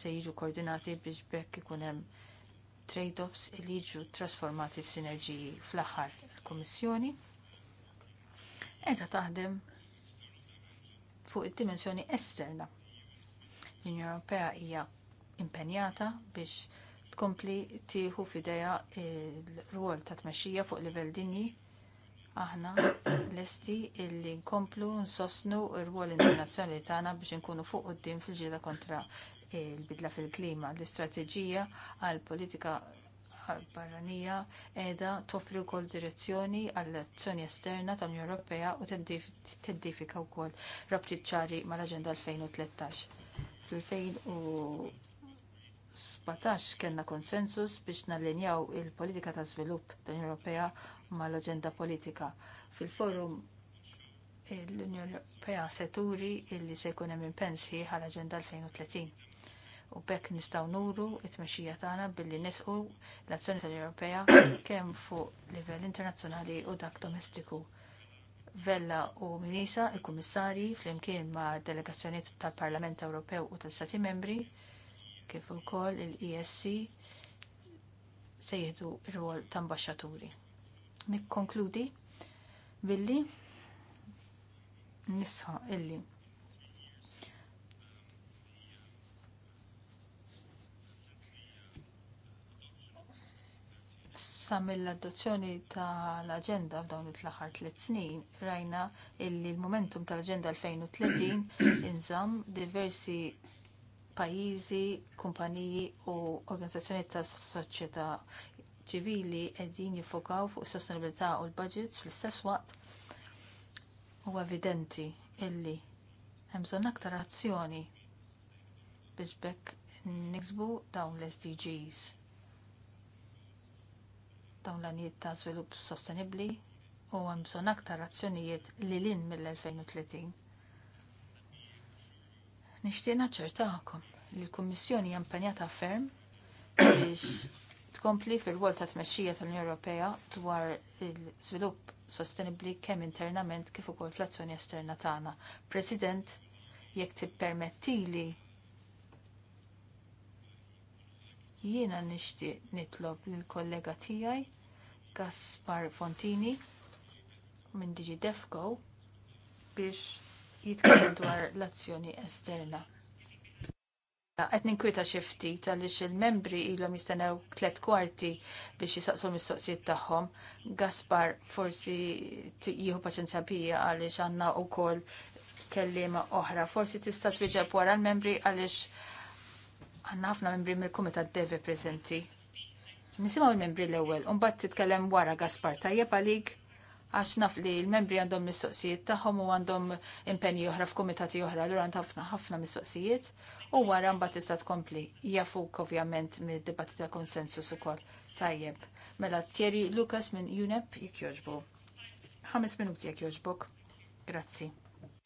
se jiġu koordinati biex bekk ikun hemm trade-offs li jiġu trasformati f'sinerġiji fl-aħħar il-Kummissjoni qiegħda taħdem fuq id-dimensjoni esterna. L-Unjoni Ewropea hija impenjata biex tkompli tieħu f'idejha l-rwol ta' tmexxija fuq livell dinji aħna lesti illi nkomplu nsosnu r wol internazzjonali tagħna biex inkunu fuq quddiem fil-ġieda kontra il-bidla fil-klima. L-istrateġija għall politika barranija qiegħda toffri wkoll direzzjoni għall azzjoni esterna tal-Unjoni Ewropea u teddifika wkoll rabtiet ċari mal-Aġenda 2013. Fl-2000 2017 kellna konsensus biex nallinjaw il-politika ta' svilupp tal Ewropea mal-aġenda politika. Fil-forum l-Unjoni Ewropea seturi illi se jkun hemm impensi għall-Aġenda 2030. U bekk nistgħu nuru t tmexxija tagħna billi nisqu l-azzjoni tal-Ewropea kemm fuq livell internazzjonali u dak domestiku. Vella u Minisa, il-Kummissari, flimkien ma' delegazzjoniet tal-Parlament Ewropew u tal-Stati Membri, kif ukoll il-ESC se jieħdu r-rol ta' ambasċaturi. Nikkonkludi billi nisħa illi sa mill-adozzjoni tal-aġenda f'dawn it-tl-aħħar tliet snin rajna illi l-momentum tal-aġenda 2030 inżamm diversi pajizi, kumpaniji u organizzazzjoni ta' soċjetà ċivili qegħdin jiffokaw fuq sostenibilità u l-budgets fl-istess waqt huwa evidenti illi hemm bżonn aktar azzjoni biex bekk niksbu dawn l-SDGs. Dawn l-għanijiet ta' żvilupp sostenibbli u hemm bżonn aktar azzjonijiet li lin mill-2030 Nixtieq naċċertakom li l-Kummissjoni jampanjata ferm biex tkompli fil-wol ta' tmexxija tal-Unjoni Ewropea dwar il-żvilupp sostenibbli kemm internament kif ukoll fl-azzjoni esterna tagħna. President, jekk tippermettili jiena nixtieq nitlob lill kollega tiegħi Gaspar Fontini minn Digi Defco biex jitkellem dwar l-azzjoni esterna. Qed ninkwita xi ftit għaliex il-membri ilhom jistennew tliet kwarti biex jisaqsu mis-soqsijiet tagħhom. Gaspar forsi jieħu paċenzja bija għaliex għandna wkoll kelliema oħra. Forsi tista' twieġeb wara l-membri għaliex għandna ħafna membri mill-Kumitat Devi preżenti. Nisimgħu l-membri l-ewwel, u mbagħad titkellem wara Gaspar tajjeb għalik għax naf li l-membri għandhom mistoqsijiet tagħhom u għandhom impenji oħra f'kumitati oħra l għand ħafna ħafna mistoqsijiet u wara mbagħad tista' tkompli jafuk ovvjament mid dibattita ta' konsensus ukoll. Tajjeb. Mela Thierry Lucas minn UNEP jekk jogħġbu. Ħames minuti jekk jogħġbok. Grazzi.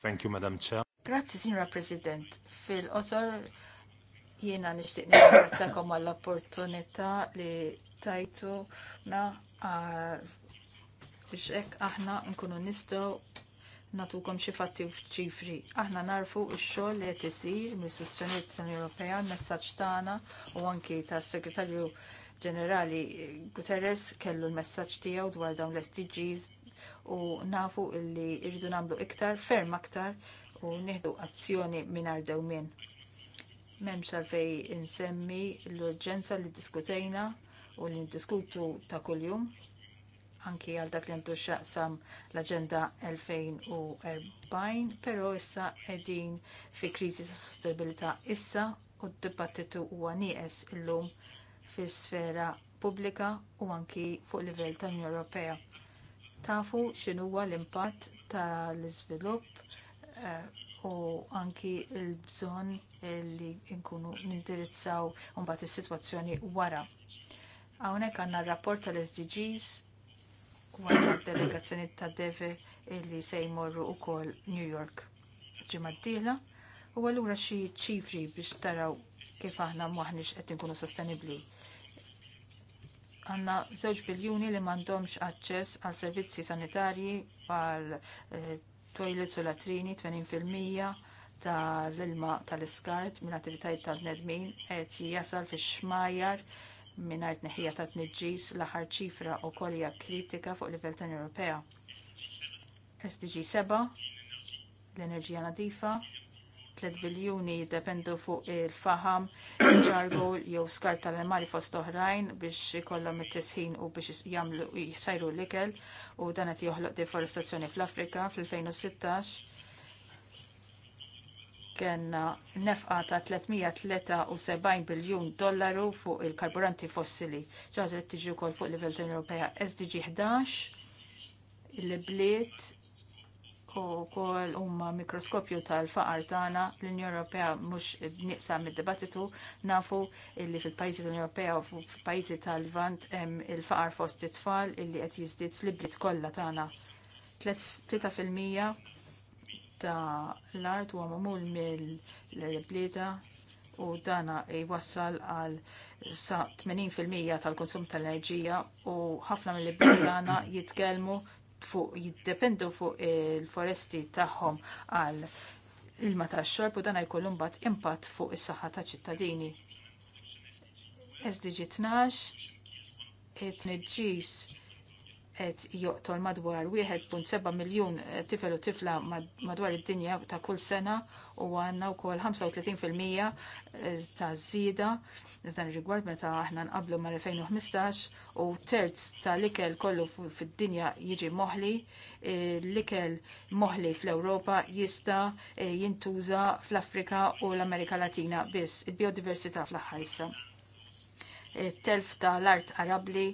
Thank you, Madam Chair. Grazzi, Signora President. Fil-qosor jiena nixtieq nirringrazzakom għall-opportunità li tajtu na biex hekk aħna nkunu nistgħu natukom xi fatti f'ċifri. Aħna narfu x-xogħol li qed isir mill-istituzzjonijiet tal Ewropea, messaġġ tagħna u anki tas-Segretarju Ġenerali Guterres kellu l-messaġġ tiegħu dwar dawn l-SDGs u nafu li rridu nagħmlu iktar, ferm aktar u nieħdu azzjoni mingħajr dewmien. M'hemmx għalfejn insemmi l-urġenza li ddiskutejna u li ndiskutu ta' kuljum anki għal dak li għandu xaqsam l-Agenda 2040, pero issa edin fi krizi ta' sostenibilità issa u d-dibattitu huwa nieqes illum fi sfera pubblika u anki fuq livell tan-Unjoni Ewropea. Tafu x'inhuwa l-impatt tal-iżvilupp uh, u anki l bżon li nkunu nindirizzaw mbagħad il-situazzjoni wara. Għawnek għanna rapport tal-SDGs għandu delegazzjoni ta' Deve illi se jmorru u kol New York ġimaddila u għallura xie ċifri biex taraw kif aħna maħnix qed inkunu sostenibli. Għanna żewġ biljuni li mandomx aċċess għal servizzi sanitarji għal eh, toilets u latrini 20% tal-ilma tal-iskart minn attivitajiet tal-bnedmin qed jasal fix xmajar mingħajr tneħħija ta' tniġġis l-aħħar ċifra wkoll hija kritika fuq livell tan Ewropea. SDG 7, l-enerġija nadifa, 3 biljuni jiddependu fuq il-faham, ġargu jew skar tal-animali fost oħrajn biex ikollhom it-tisħin u biex jagħmlu jsajru l-ikel u dan qed joħloq deforestazzjoni fl-Afrika fl-2016 kena nefqa ta' 373 biljun dollaru fuq il-karburanti fossili. ċaħġa li tiġi wkoll fuq livell ta' Ewropea SDG 11 il-bliet u kol umma mikroskopju tal-faqar tagħna l-Unjoni Ewropea mhux nieqsa mid-dibattitu nafu illi fil pajzi tal-Unjoni u fil-pajjiżi tal-Vant hemm il-faqar fost it-tfal illi qed jiżdied fl-ibliet kollha tagħna. 3% ta' l-art huwa mamul mill-blieta u dana jwassal għal sa 80% tal-konsum tal-enerġija u ħafna mill-bliet tagħna jitkellmu fuq jiddependu fuq il-foresti tagħhom għal ilma tax-xorb u dana jkollhom bad impatt fuq is-saħħa taċ-ċittadini. SDG 12 it-tniġġis qed joqtol madwar 1.7 miljun eh, tifel u tifla madwar id-dinja ta' kull sena u għandna wkoll 35% eh, ta' żieda f'dan ir-rigward meta aħna nqablu mal-2015 u terz tal-ikel kollu fid-dinja jiġi moħli, eh, l-ikel moħli fl-Ewropa jista jintuża fl-Afrika u l-Amerika Latina biss, il-biodiversità fl-aħħar issa. Telf tal-art arabli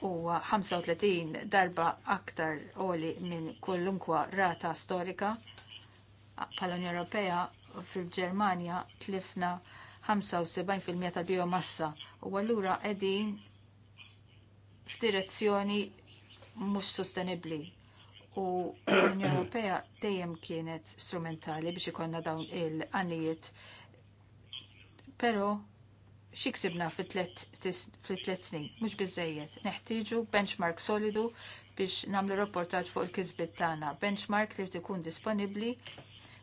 huwa 35 darba aktar oli minn kollunkwa rata storika. Pal unjoni Ewropea fil-Ġermanja tlifna 75% tal-biomassa u allura qegħdin f'direzzjoni mhux sostenibbli u l-Unjoni Ewropea dejjem kienet strumentali biex ikollna dawn il-għanijiet. Però xiksibna fit-tlet snin, mux bizzejiet. Neħtiġu benchmark solidu biex namlu rapportat fuq il-kizbit tagħna. Benchmark li tikun disponibli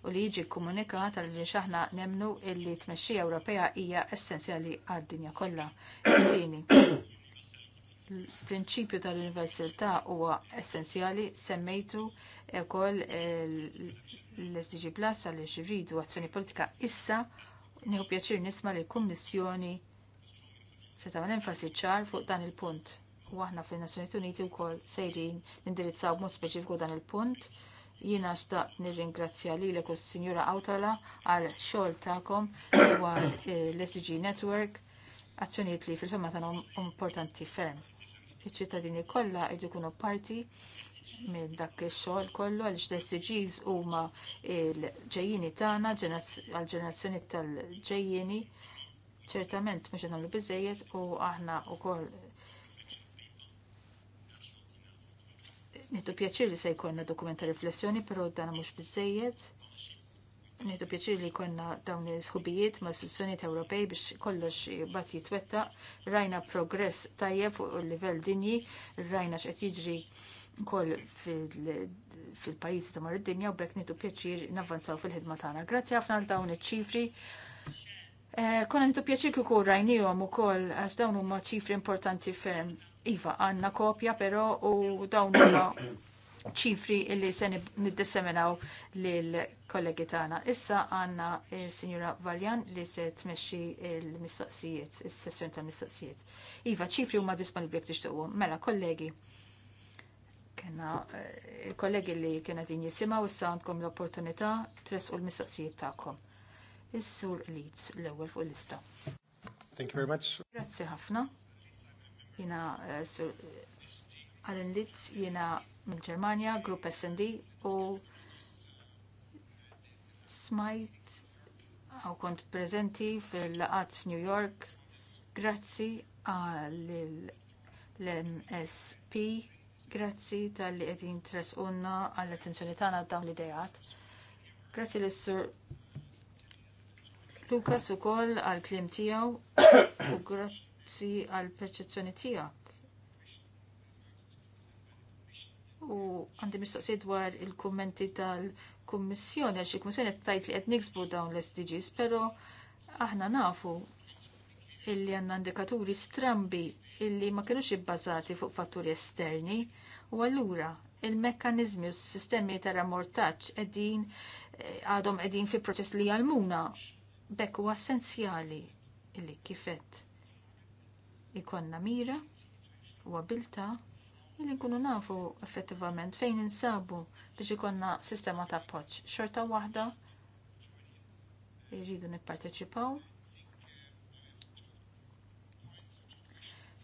u li jiġi komunikat għal li xaħna nemnu illi tmexxija Ewropea hija essenzjali għad-dinja kollha. Tieni, prinċipju tal-universalità huwa essenzjali semmejtu wkoll l-SDG Plus għal xiridu azzjoni politika issa Nieħu pjaċir nisma li l-Kummissjoni se ta' enfasi ċar fuq dan il-punt. U aħna fin-Nazzjonijiet Uniti wkoll sejrin nindirizzaw mod speċifiku dan il-punt. Jiena xtaq nirringrazzja lilek u s-Sinjura Autala għal xogħol tagħkom dwar eh, l-SDG Network azzjonijiet li fil-femma tagħna importanti ferm. Iċ-ċittadini kollha jridu jkunu parti minn dak il xogħol kollu għaliex l u huma l-ġejjini tagħna għall-ġenerazzjoni tal-ġejjini ċertament mhux għallu biżejjed u aħna wkoll nittu pjaċir li se jkollna dokumenta riflessjoni, però dana mhux biżejjed. Nitu pjaċir li jkollna dawn il-sħubijiet ma' istituzzjonijiet Ewropej biex kollox bat jitwettaq. Rajna progress tajjeb fuq il-livell dinji, rajna x'qed jiġri koll fil pajis ta' mar dinja u bekk nitu pjaċir navvanzaw fil-ħidma tagħna. Grazzi ħafna għal dawn iċ-ċifri. Eh, konna nitu pjaċir kieku rajnijhom ukoll għax dawn huma ċifri importanti ferm. Iva, għandna kopja però u dawn huma ċifri illi se niddisseminaw lill kollegi tagħna. Issa għandna eh, signora Valjan li se tmexxi l-mistoqsijiet, is sessjon tal-mistoqsijiet. Iva, ċifri huma disponibbli jekk tixtiequ. Mela, kollegi, Kena il-kollegi eh, li kena din jisimaw wissa għandkom l-opportunità tresqu l-mistoqsijiet tagħkom. Is-sur Leeds l-ewwel fuq l-lista. Thank you very much. Grazzi ħafna. Jina eh, sur eh, Alan Leeds jina mill-Ġermanja, grupp SD u smajt għaw kont prezenti fil-laqat New York. Grazzi għall l-MSP Grazzi tal-li għedin tres unna għall-attenzjoni tagħna dawn l-idejat. Grazzi l-Sur Lukas ukoll għall-klim tiegħu u grazzi għall-perċezzjoni tiegħek. U għandi mistoqsi dwar il-kummenti tal-Kummissjoni għal il-Kummissjoni qed tajt li qed niksbu dawn l-SDGs, pero aħna nafu illi għandna indikaturi strambi illi ma kinux ibbażati fuq fatturi esterni u allura il-mekkanizmi u s-sistemi ta' ramortaċ qegħdin eh, għadhom qegħdin fi proċess li għalmuna bekk huwa essenzjali illi kifet ikonna mira u għabilta illi nkunu nafu effettivament fejn insabu biex ikonna sistema ta' poċ xorta waħda jridu nipparteċipaw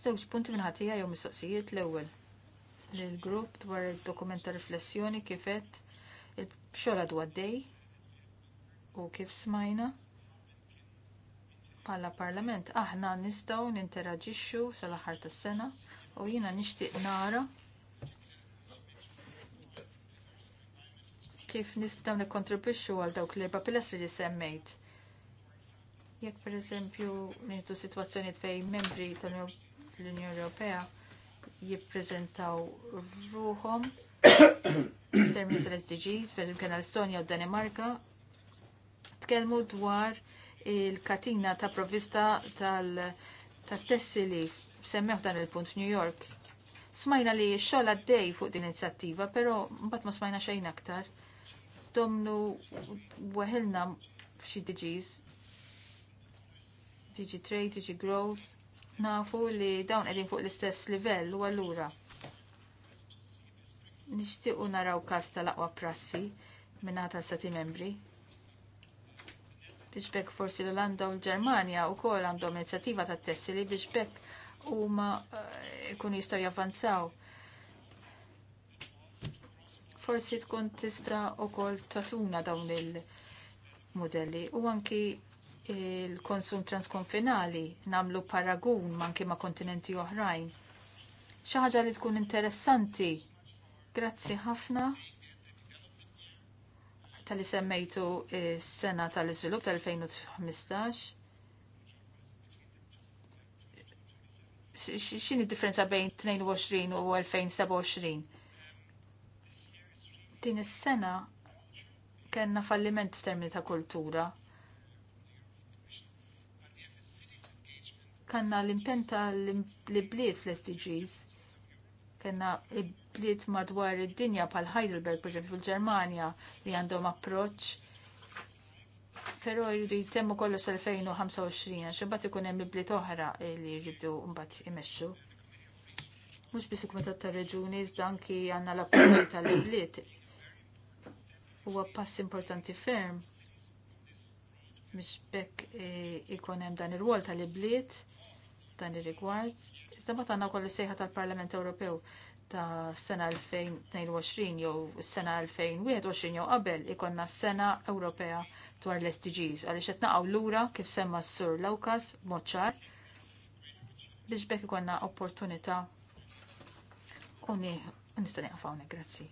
Zewġ punti minnħatija jew mistoqsijiet l-ewwel. Lill-grupp dwar id-dokument ta' riflessjoni kifet il-xogħla dwaddej u kif smajna Pala parlament aħna nistgħu ninteraġixxu sal-aħħar tas-sena u jiena nixtieq nara kif nistgħu nikkontribwixxu għal dawk l-erba' pilastri li semmejt. Jekk pereżempju nieħdu sitwazzjonijiet fejn membri tal-Unjoni fl-Unjoni Ewropea jippreżentaw ruhom f'termini tal-SDGs, per esempio l-Estonja u Danimarka, tkellmu dwar il-katina ta' provvista tal-tessili semmeħ dan il-punt New York. Smajna li xogħol għaddej fuq din inizjattiva, però mbagħad ma smajna xejn aktar. Domnu weħelna f'xi DGs, DG Trade, DG Growth, nafu li dawn qegħdin fuq l-istess livell u allura nixtiequ naraw każ tal-aqwa prassi ta' stati membri. Biex bekk forsi l-Olanda u l-Ġermanja wkoll għandhom ta' tat tessili biex bekk huma eh, kun jistgħu javvanzaw. Forsi tkun tista' wkoll tatuna dawn il-modelli u anki il-konsum transkonfinali namlu paragun manki ma' kontinenti oħrajn. Xi ħaġa li tkun interessanti. Grazzi ħafna tal-li semmejtu s-sena tal-iżvilupp tal-2015. X'inhi differenza bejn 22 u 2027? Din is-sena kellna falliment f'termini ta' kultura kanna l-impenta l-bliet fl-SDGs. Kanna bliet madwar id-dinja pal Heidelberg, per fil-Germania, li għandhom approċ. Pero jridu jitemmu kollu sal-2025, xabat ikun hemm bliet oħra li jridu mbagħad imexxu. Mhux biss ikmeta tar-reġuni, zdanki għanna għandna l-appoġġi tal-bliet. Huwa pass importanti ferm mish bekk eh, ikun hemm dan ir-rwol tal-ibliet dan ir-rigward. Iżda ma tagħna wkoll is-sejħa tal-Parlament Ewropew ta' sena 2022 jew sena 2021 jew qabel ikonna sena Ewropea dwar l-SDGs għaliex qed naqgħu lura kif semma s-sur Lawkas mod ċar biex bekk ikonna opportunità u nista' hawnhekk grazzi.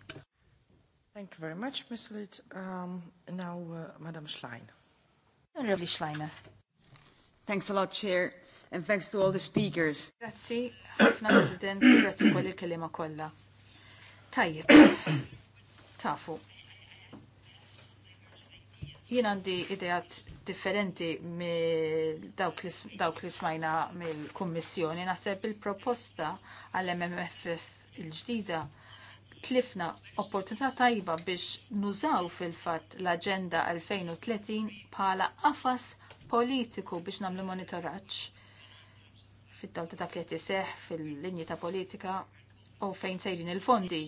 Thank you very much, Ms. Litt. Um, now, uh, Madam Schlein. Onorevoli Schleiner. Thanks a lot, Chair, and thanks to all the speakers. Grazzi, ħafna President, grazzi kolli l-kelima kollha. Tajjeb, tafu. Jien għandi idejat differenti dawk li smajna mill-Kummissjoni. Naħseb il-proposta għall-MMFF il-ġdida tlifna opportunità tajba biex nużaw fil fatt l aġenda 2030 bħala qafas politiku biex nagħmlu monitoraċ fid tal ta' dak li qed iseħħ fil-linji ta' politika u fejn sejrin il-fondi.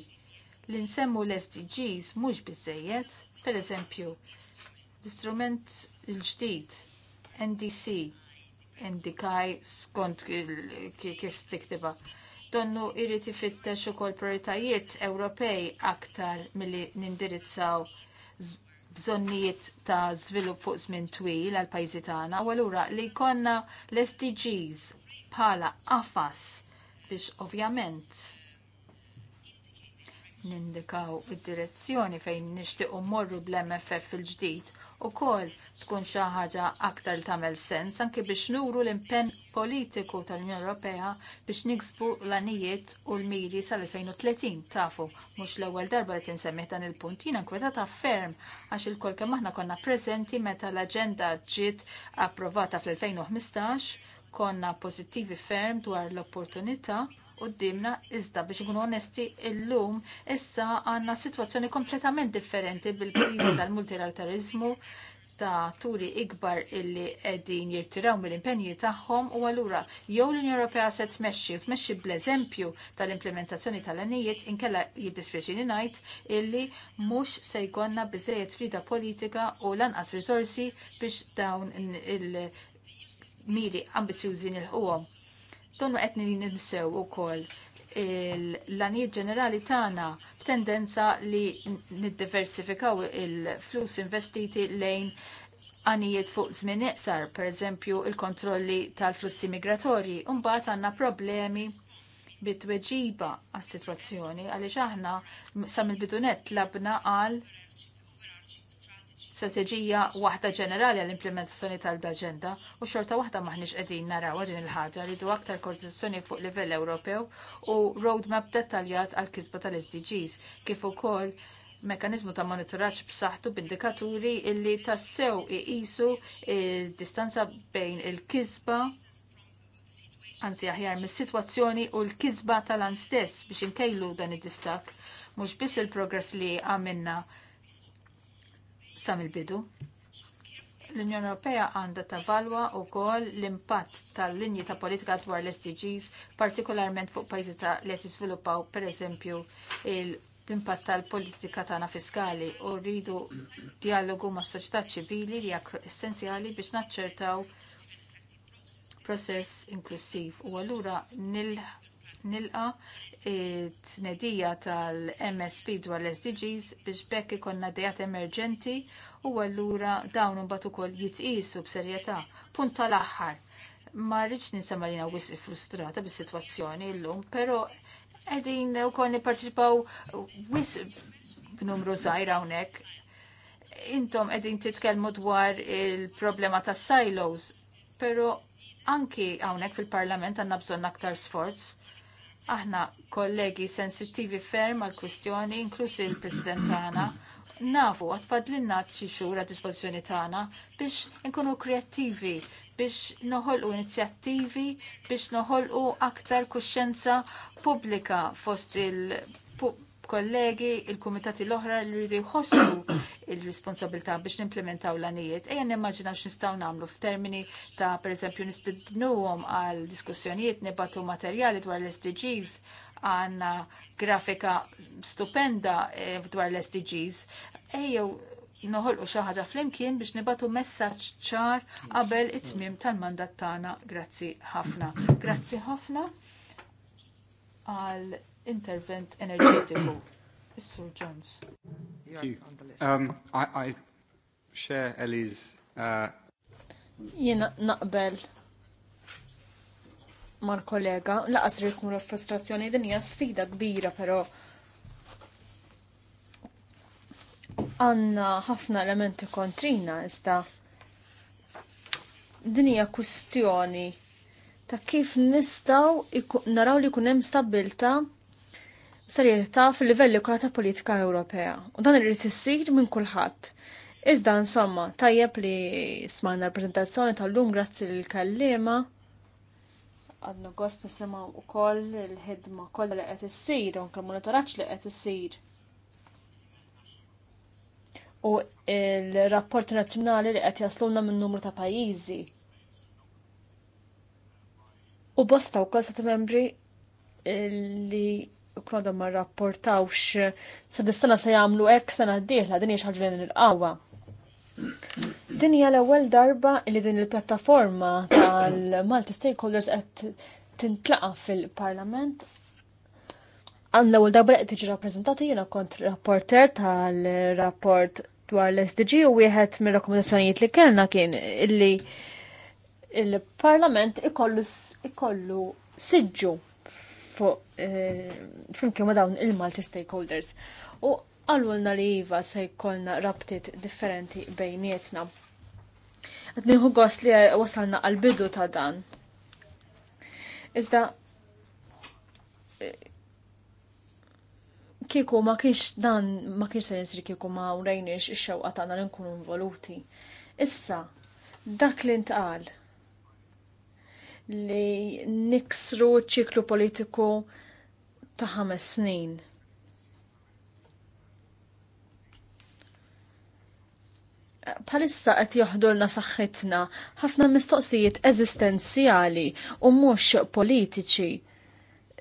Li nsemmu l-SDGs mhux biżejjed, pereżempju, l-istrument l-ġdid NDC, NDKI skont kif tiktiba donnu irrit ifittex ukoll prioritajiet Ewropej aktar milli nindirizzaw bżonnijiet ta' żvilupp fuq żmien twil għal pajjiżi tagħna u allura li jkollna l-SDGs bħala qafas biex ovvjament nindikaw id-direzzjoni fejn nixtiequ morru bl-MFF il-ġdid u kol tkun xi ħaġa aktar tagħmel sens anke biex nuru l-impenn politiku tal-Unjoni Ewropea biex niksbu l-anijiet u l-miri sal-2030 tafu. Mux l-ewwel darba li tinsemmi dan il-punt jiena ta' ferm għax il-kol kemm aħna konna preżenti meta l-aġenda ġiet approvata fl-2015 konna pożittivi ferm dwar l-opportunità dimna iżda biex ikunu onesti illum issa għandna sitwazzjoni kompletament differenti bil-kriżi tal-multilateralizmu, ta' turi ikbar illi qegħdin jirtiraw mill-impenji tagħhom u allura jew l-Unjoni Ewropea se tmexxi u tmexxi bl-eżempju tal-implementazzjoni tal-għanijiet inkella jiddispjaċini ngħid illi mhux se jkollna biżejjed frida politika u lanqas riżorsi biex dawn il-miri ambizjużi nilħuhom. Donu qed ninsew ukoll l-għanijiet ġenerali tagħna tendenza li niddiversifikaw il-flus investiti lejn għanijiet fuq żmien iqsar, per eżempju il-kontrolli tal-flussi migratorji, mbagħad għandna problemi bit-tweġiba għas-sitwazzjoni għaliex aħna sa mill-bidunet labna għal strateġija waħda ġenerali għall-implementazzjoni tal-daġenda u xorta waħda maħniex qegħdin naraw din il-ħaġa li aktar koordinazzjoni fuq livell Ewropew u roadmap dettaljat għal kisba tal-SDGs kif ukoll mekanizmu ta' monitoraġġ b'saħħtu b'indikaturi illi tassew iqisu il-distanza bejn il-kisba anzi aħjar mis-sitwazzjoni u l-kisba tal-an stess biex inkejlu dan id-distak mhux biss il-progress li għamilna sa mill-bidu. L-Unjoni Ewropea għandha tavalwa wkoll l-impatt tal-linji ta' politika dwar l-SDGs, partikolarment fuq pajjiżi ta' li qed per pereżempju l-impatt tal-politika tagħna fiskali u rridu dialogu mas soċità ċivili li hija essenzjali biex naċċertaw process inklusiv u allura nilqa t-tnedija tal-MSP dwar l-SDGs biex bekk ikonna dejat emerġenti u allura dawn imbagħad ukoll jitqisu b'serjetà. Punt tal-aħħar. Ma rridx ninsema li frustrata bis-sitwazzjoni llum, però qegħdin ukoll nipparteċipaw wis b'numru żgħir hawnhekk. Intom qegħdin titkellmu dwar il-problema tas-silos, però anki hawnhekk fil-Parlament għandna bżonn aktar sforz Aħna kollegi sensittivi ferm għal kwistjoni inklusi l-President tagħna. Nafu għat fadlinna xi xhur għad dispożizzjoni tagħna biex inkunu kreattivi, biex noħolqu inizjattivi, biex noħolqu aktar kuxjenza pubblika fost il kollegi, il-kumitati l-oħra li rridu jħossu il-responsabilità biex nimplementaw l-għanijiet. Ejja nimmaġina x'nistgħu nagħmlu f'termini ta' pereżempju nistidnuhom għal diskussjonijiet nibatu materjali dwar l-SDGs għandna grafika stupenda eh, dwar l-SDGs. Ejjew noħolqu xi ħaġa flimkien biex nibatu messaġġ ċar qabel it-tmiem tal-mandat tagħna. Grazzi ħafna. Grazzi ħafna għal intervent enerġetiku. is Jones. Um, I, I share Ellie's uh... Jena naqbel mal-kollega, laqas rikmu mura frustrazzjoni, din hija sfida kbira, pero għanna ħafna elementi kontrina, iżda din hija kwistjoni ta' kif nistaw naraw li kunem stabilta' serjetà fil-livelli kollha ta' politika Ewropea. U dan irid issir minn kulħadd. Iżda insomma, tajjeb li smajna l-prezentazzjoni tal-lum grazzi lil kallima għadna gost nisema u koll il-ħidma kollha li qed issir, unka monitoraċ li qed issir. U il-rapport nazzjonali li qed jaslunna minn numru ta' pajjiżi. U bosta wkoll sa' membri li kodom ma rapportawx sadistana se jagħmlu hekk sena d-dieħla din hija ħaġa il-qawwa. Din hija l-ewwel darba li din il-pjattaforma tal-Malti Stakeholders qed tintlaqa fil-Parlament. Għan l-ewwel darba qed tiġi rappreżentati jiena kont rapporter tal-rapport dwar l-SDG u wieħed mir-rakkomandazzjonijiet li kellna kien illi il-Parlament ikollu siġġu fuq eh, flimkien ma dawn il-Malti stakeholders. U għallulna li iva se jkollna rabtiet differenti bejnietna. Għad nieħu gost li wasalna għal-bidu ta' dan. Iżda eh, kieku ma kienx dan ma kienx se nisri kieku ma urejniex ix-xewqa tagħna li nkunu involuti. Issa dak li ntqal li niksru ċiklu politiku ta' ħames snin. Palissa qed joħdulna saħħitna ħafna mistoqsijiet eżistenzjali u mhux politiċi.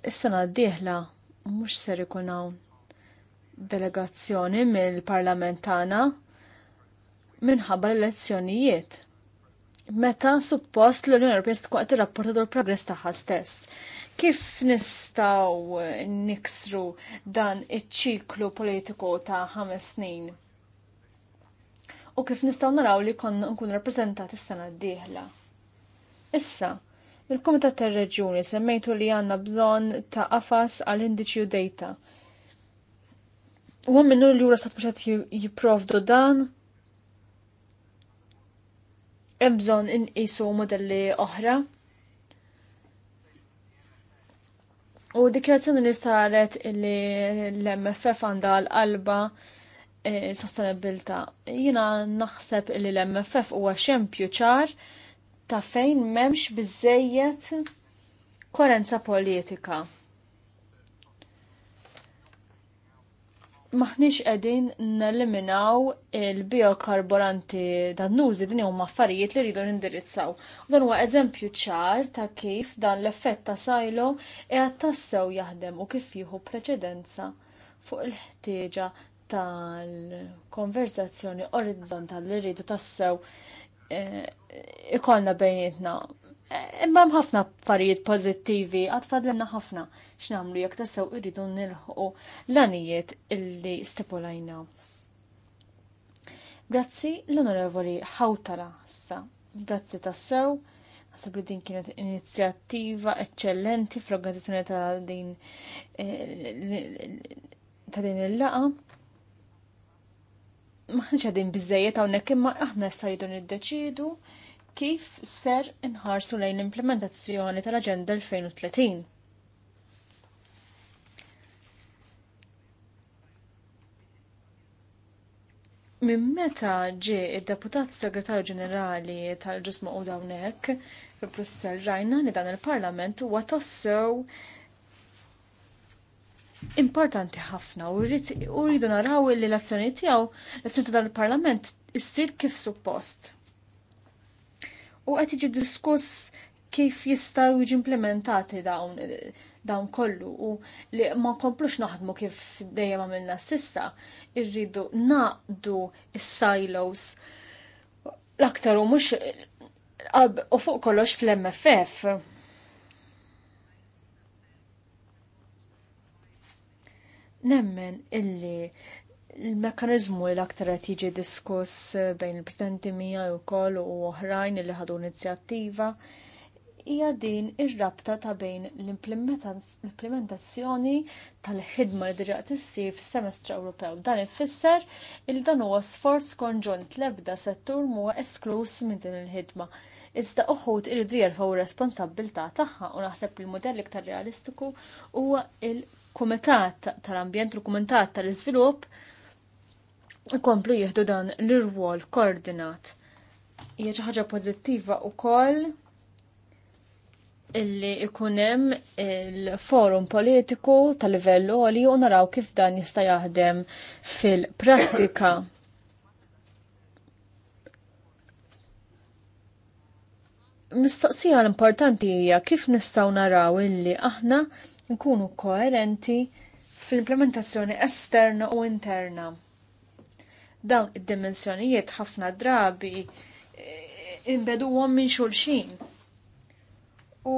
Is-sena d-dieħla mhux ser ikun hawn delegazzjoni mill-parlamentana minħabba l-elezzjonijiet meta suppost l-Unjoni Ewropea se tkun qed tirrapporta dwar progress tagħha stess. Kif nistgħu niksru dan iċ-ċiklu politiku ta' ħames snin? U kif nistgħu naraw li konna nkun rappreżentati s-sena d-dieħla? Issa, il-Kumitat tar-Reġjuni semmejtu li għandna bżonn ta' qafas għal indiċi u data. U minnu li jura stat mhux jipprovdu dan, hemm bżonn inqisu modelli oħra. U dikrazzjoni li saret li l-MFF għandha l-qalba sostenibilta. Eh, sostenibilità. Jiena naħseb li l-MFF huwa xempju ċar ta' fejn m'hemmx biżejjed korenza politika. maħniex qegħdin neliminaw il-biokarburanti dannużi din huma affarijiet li rridu nindirizzaw. dan huwa eżempju ċar ta' kif dan l-effett ta' sajlo e tassew jaħdem u kif jieħu preċedenza fuq il-ħtieġa tal-konverzazzjoni orizzontali li rridu tassew eh, ikolna bejnietna Imma hemm ħafna affarijiet pożittivi, għad ħafna x'namlu jekk tassew irridu nilħu l-anijiet illi stipulajna. Grazzi l-Onorevoli Hawtala issa. Grazzi tassew. Għasab li din kienet inizjattiva eccellenti fl-organizzazzjoni ta' din eh, ta' din il-laqa. Maħniċ għadin bizzejiet għawnek imma aħna jistaridu niddeċidu deċidu kif ser inħarsu lejn l-implementazzjoni tal-Aġenda 2030. Minn meta ġie id-Deputat Segretarju Ġenerali tal-ġusma u dawnek fi Brussel rajna li dan il-Parlament huwa tassew importanti ħafna u rridu naraw li l-azzjoni tiegħu l-azzjoni tal-Parlament issir kif suppost u qed jiġi diskuss kif jistaw jiġi implementati dawn dawn kollu u li ma komplux naħdmu kif dejjem għamilna sissa irridu naqdu s silos l-aktar u mhux u fuq kollox fl-MFF. Nemmen illi il-mekanizmu l-aktar qed jiġi diskuss eh, bejn il-Presidenti miegħi wkoll u oħrajn li ħadu inizjattiva hija din ir-rabta ta' bejn l-implementazzjoni tal-ħidma li diġa tissir fis-semestru Ewropew. Dan ifisser il dan huwa sforz konġunt l-ebda settur huwa esklus minn din il-ħidma. Iżda uħud iridu jerfgħu responsabbiltà tagħha u naħseb li l-modell iktar realistiku huwa il-Kumitat tal-Ambjent u Kumitat tal-Iżvilupp tal ambjent u l tal ambjent u kumitat tal iżvilupp ikomplu jieħdu dan l-irwol koordinat. Hija xi ħaġa pożittiva wkoll illi ikunem il-forum politiku tal-livell li u naraw kif dan jista' jaħdem fil-prattika. mistoqsija l-importanti hija kif nistgħu naraw illi aħna nkunu koerenti fl-implementazzjoni esterna u interna dawn id-dimensjonijiet ħafna drabi eh, imbeduhom minn xulxin. U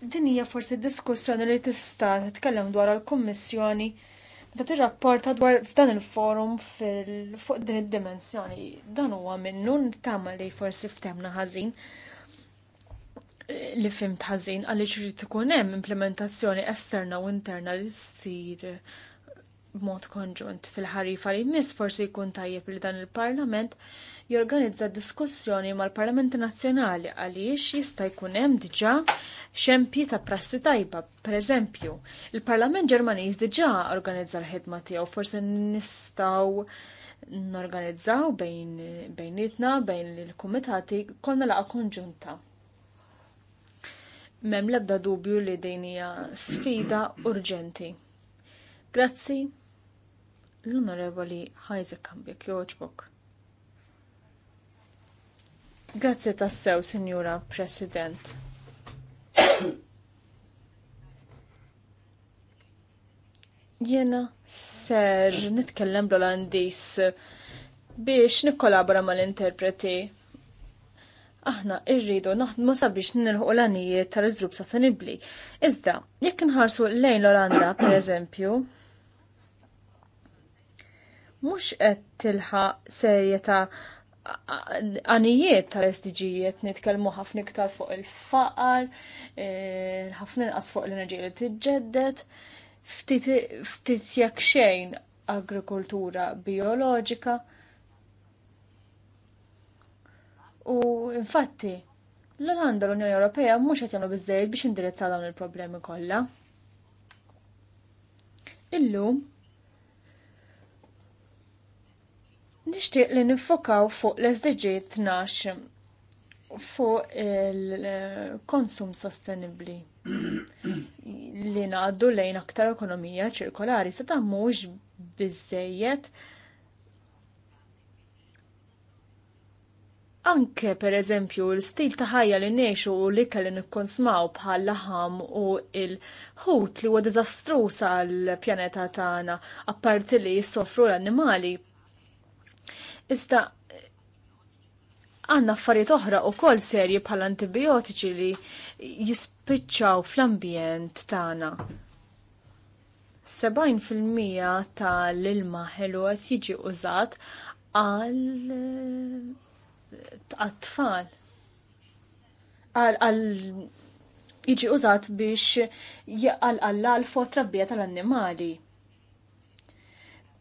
din hija forsi diskussjoni li tista' titkellem dwar il kummissjoni meta tirrapporta dwar f'dan il-forum fuq din id-dimensjoni. Dan huwa minnu tama li forsi ftemna ħażin li fimt ħażin għaliex irid ikun hemm implementazzjoni esterna u interna li ssir b'mod konġunt fil-ħarifa li jmiss forsi jkun tajjeb li dan il-Parlament jorganizza diskussjoni mal-Parlamenti Nazzjonali għaliex jista' jkun hemm diġà xempji ta' prassi tajba. Pereżempju, il-Parlament Ġermaniż diġà organizza l-ħidma tiegħu forsi nistgħu norganizzaw bejn bejnietna bejn il-kumitati konna laqa konġunta. Mem l-ebda dubju li din hija sfida urġenti. Grazzi l-Onorevoli Heise Kambjek Kjoċbok. Grazzi tassew, Signora President. Jena ser nitkellem bl-Olandis biex nikkolabora mal-interpreti. Aħna irridu naħdmu sabiex nilħu l-għanijiet tal-iżvilupp sostenibbli. Iżda, jekk nħarsu lejn l-Olanda, per eżempju, mhux qed tilħa serje ta' għanijiet tal jiet nitkellmu ħafna iktar fuq il-faqar, eh, ħafna inqas fuq l-enerġija li tiġġedded, ftit jekk xejn agrikoltura bioloġika. U infatti, l-Olanda l-Unjoni Ewropea mhux qed jagħmlu biżejjed biex indirizzaw dawn il-problemi kollha. Illum, Nixtieq li nifokaw fuq l-SDG 12 fuq il-konsum sostenibli li ngħaddu lejn aktar ekonomija ċirkolari se ta' mhux bizzejiet Anke per eżempju l-stil ta' ħajja li ngħixu u li kelli nikkonsmaw bħal laħam u il-ħut li huwa diżastruż għall pjaneta tagħna apparti li jissofru l-annimali Iżda għanna affarijiet oħra u kol serji bħal antibiotiċi li jispiċċaw fl-ambjent tagħna. 70% tal-ilma ħelu għet jiġi użat għal għat-tfal. Għal jiġi użat biex jgħal għall l trabbija tal-annimali.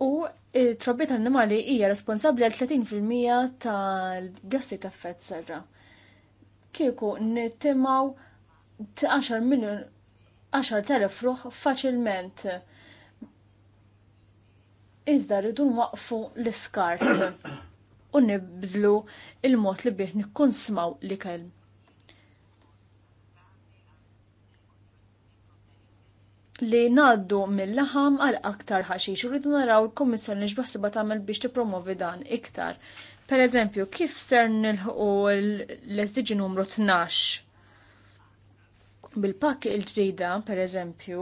U il-trobbi tal-animali hija responsabbli għal 30% tal-gassi ta' effett serra. Kieku nittimaw 10 miljon 10,000 ruħ faċilment. Iżda rridu waqfu l-iskart u nibdlu il-mod li bih nikkun smaw li kelm. li naddu mill-laħam għal aktar ħaxix. Rridu naraw l-Kommissjoni x'baħsibha tagħmel biex tippromovi dan iktar. Per eżempju, kif ser nilħu l-SDG numru 12 bil-pakki il-ġdida, per eżempju,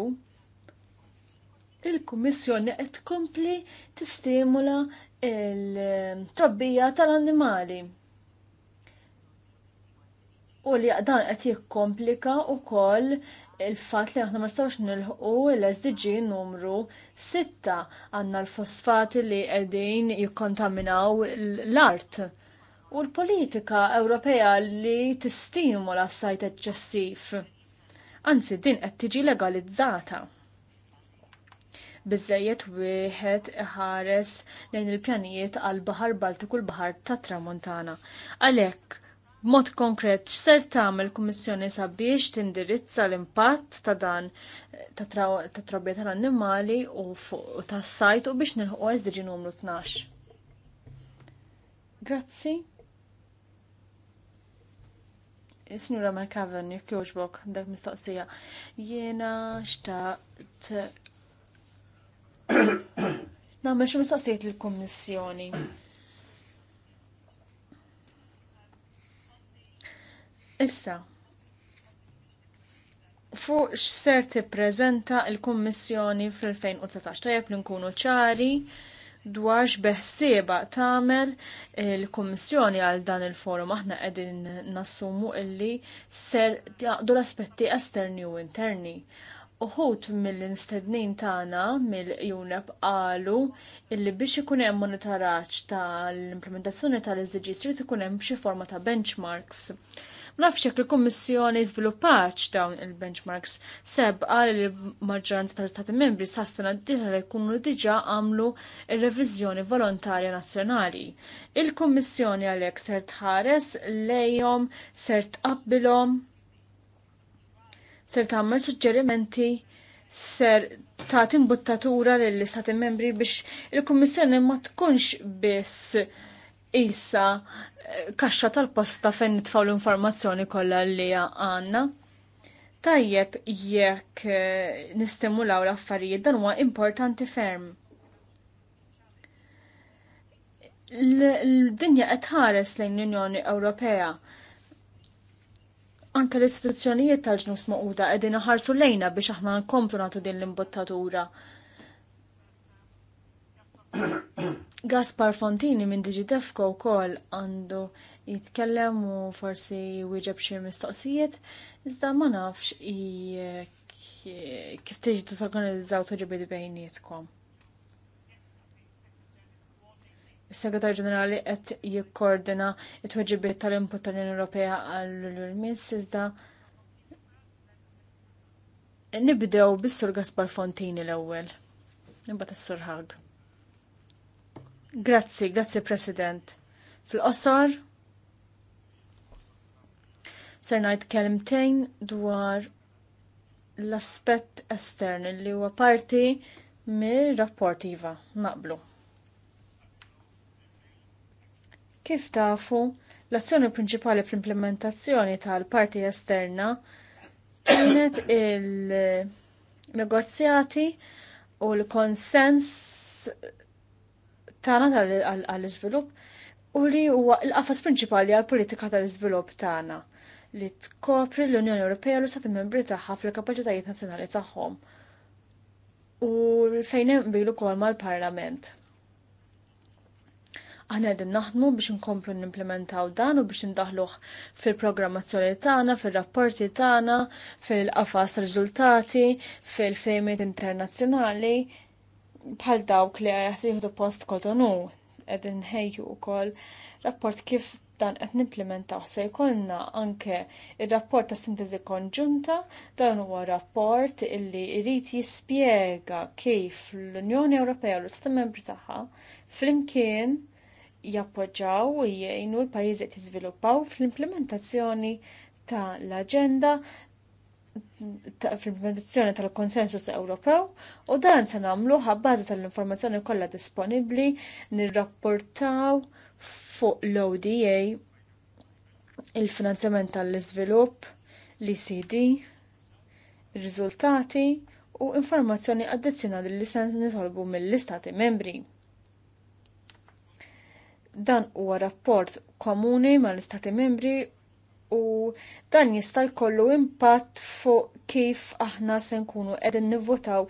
il-Kummissjoni qed tkompli tistimula il trabbija tal-annimali. U li dan qed jikkomplika wkoll il-fat li aħna ma nistgħux nilħqu l-SDG numru 6 għandna l-fosfati li qegħdin jikkontaminaw l-art. U l-politika Ewropea li tistimula s-sajt eċċessiv. Anzi, din qed tiġi legalizzata. Biżejjed wieħed iħares lejn il-pjanijiet għal baħar Baltiku l-Baħar tat Tramuntana. Għalhekk Mod konkret, x'ser tagħmel kummissjoni sabiex tindirizza l-impatt ta' dan ta' trabbja tal-annimali u ta' tas sajt u biex nilħu SDG numru 12. Grazzi. Signora McCavan, jek joġbok, dak mistoqsija. Jena xtaqt. Namel xo mistoqsijiet l-Kommissjoni. Issa, fuq x'ser tippreżenta l-Kummissjoni fil 2019 tajab li nkunu ċari dwar x-beħsieba tagħmel il-Kummissjoni għal dan il-forum aħna qegħdin nassumu illi ser jaqdu l-aspetti esterni u interni. Uħut mill-mistednin tagħna mill-UNEP qalu illi biex ikun hemm monitoraġġ tal-implementazzjoni tal-SDGs trid ikun hemm xi forma ta' benchmarks nafxek li il-Kummissjoni zviluppaċ dawn il-benchmarks seb għal li maġġoranza tal-Stati membri sastana d li jkunu diġa għamlu il-reviżjoni volontarja nazzjonali. Il-Kummissjoni għalhekk ser tħares lejhom ser tqabbilhom ser tagħmel suġġerimenti ser ta' timbuttatura lill istati membri biex il-Kummissjoni ma tkunx biss Issa kaxxa tal-posta fejn nitfaw l-informazzjoni kollha li għandna. Tajjeb jekk eh, nistimulaw l-affarijiet dan huwa importanti ferm. L-dinja qed ħares lejn l-Unjoni Ewropea anke l-istituzzjonijiet tal-ġnus maquda qegħdin iħarsu lejna biex aħna nkomplu nagħtu din l-imbottatura. Gaspar Fontini minn u wkoll għandu jitkellem u forsi wieġeb xi mistoqsijiet, iżda ma nafx kif tiġdu torganizzaw toġibi bejnietkom. Is-Segretar Ġenerali qed jikkordina t tweġibiet tal-input tal-Unjoni Ewropea għall-Ulmis iżda nibdew bis-Sur Gaspar Fontini l-ewwel. Imbagħad is-Sur Ħag. Grazzi, grazzi President. Fil-qosor, ser kelmtejn dwar l-aspett estern li huwa parti mir rapportiva naqblu. Kif tafu, l-azzjoni prinċipali fl-implementazzjoni tal-parti esterna kienet il-negozjati u l-konsens tana għall-iżvilupp u li huwa l-qafas prinċipali għall-politika tal-iżvilupp tagħna li tkopri l-Unjoni Ewropea u l istati Membri tagħha fil-kapaċitajiet nazzjonali tagħhom u fejn hemm bilu wkoll mal-Parlament. Aħna qegħdin naħdmu biex inkomplu nimplementaw dan u biex indaħluh fil-programmazzjoni tagħna, fil-rapporti tagħna, fil-qafas riżultati, fil fejmiet internazzjonali bħal dawk li jieħdu post kotonu qegħdin nħejju wkoll rapport kif dan qed nimplementaw se jkollna anke ir-rapport ta' sintesi konġunta dan huwa rapport illi jrid jispjega kif l-Unjoni Ewropea u l-Istati Membri tagħha flimkien jappoġġaw u jgħinu l-pajjiżi qed jiżviluppaw fl-implementazzjoni ta' l-aġenda fil-implementazzjoni tal-konsensus Ewropew u dan se nagħmlu ħabbażi tal-informazzjoni kollha disponibbli nirrapportaw fuq l-ODA il-finanzjament tal-iżvilupp, l-ICD, riżultati u informazzjoni addizzjonali li se nitolbu mill-istati membri. Dan huwa rapport komuni mal-istati membri u dan jista' jkollu impatt fuq kif aħna se nkunu qegħdin nivvotaw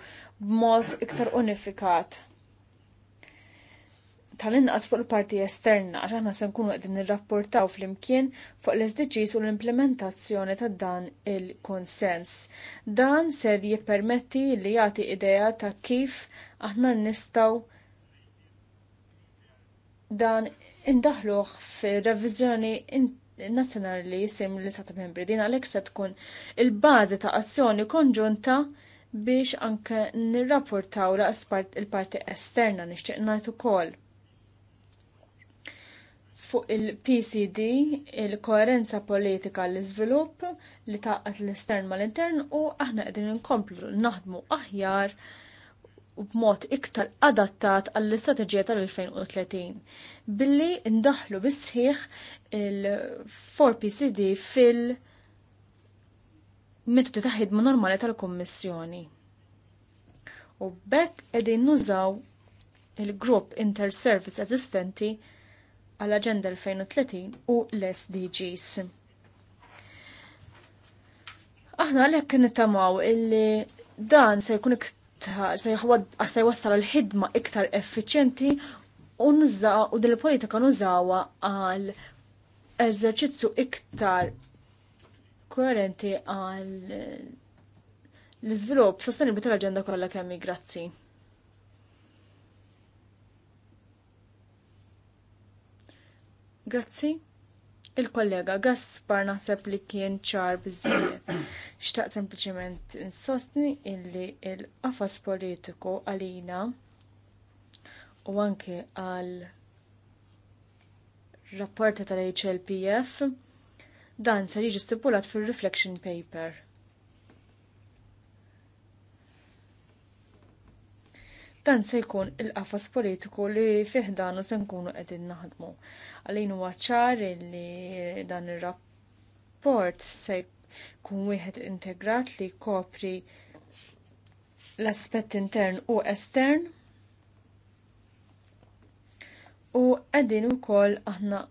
b'mod iktar unifikat. Tal-inqas fuq il-parti esterna għax aħna se nkunu qegħdin nirrapportaw flimkien fuq l-SDGs u l-implementazzjoni ta' dan il-konsens. Dan ser jippermetti li jagħti idea ta' kif aħna nistgħu dan indaħluh fir-reviżjoni nazzjonali jisim li sa' membri din għalhekk se tkun il-bażi ta' azzjoni konġunta biex anke nirrapportaw laqs il-parti esterna nixtieq ngħid ukoll. Fuq il-PCD, il-koerenza politika l iżvilupp li taqqat l istern mal-intern u aħna qegħdin inkomplu naħdmu aħjar u b'mod iktar adattat għall-istrateġija tal-2030 billi ndaħlu bisħiħ il-4PCD fil- metodi ta' ħidma normali tal-Kommissjoni. U bekk edin nużaw il-grupp inter-service eżistenti għall-Agenda 2030 u l-SDGs. Aħna l-ek nittamaw illi dan se jkun iktar se jwassal l-ħidma iktar effiċenti u dil din il-politika nużawa għal eżerċizzju iktar koerenti għal l-iżvilupp sostenibli tal-aġenda kollha kemm grazzi. Grazzi. Il-kollega Gaspar naħseb li kien ċar biżżejjed. Xtaq sempliċement insostni illi il-qafas politiku għalina u anke għal rapporti tal-HLPF dan ser jiġi stipulat fil-reflection paper. Dan se jkun il-qafas politiku li fih danu se nkunu qegħdin naħdmu. Għalin huwa ċar li dan ir-rapport se jkun wieħed integrat li kopri l-aspett intern u estern u qegħdin ukoll aħna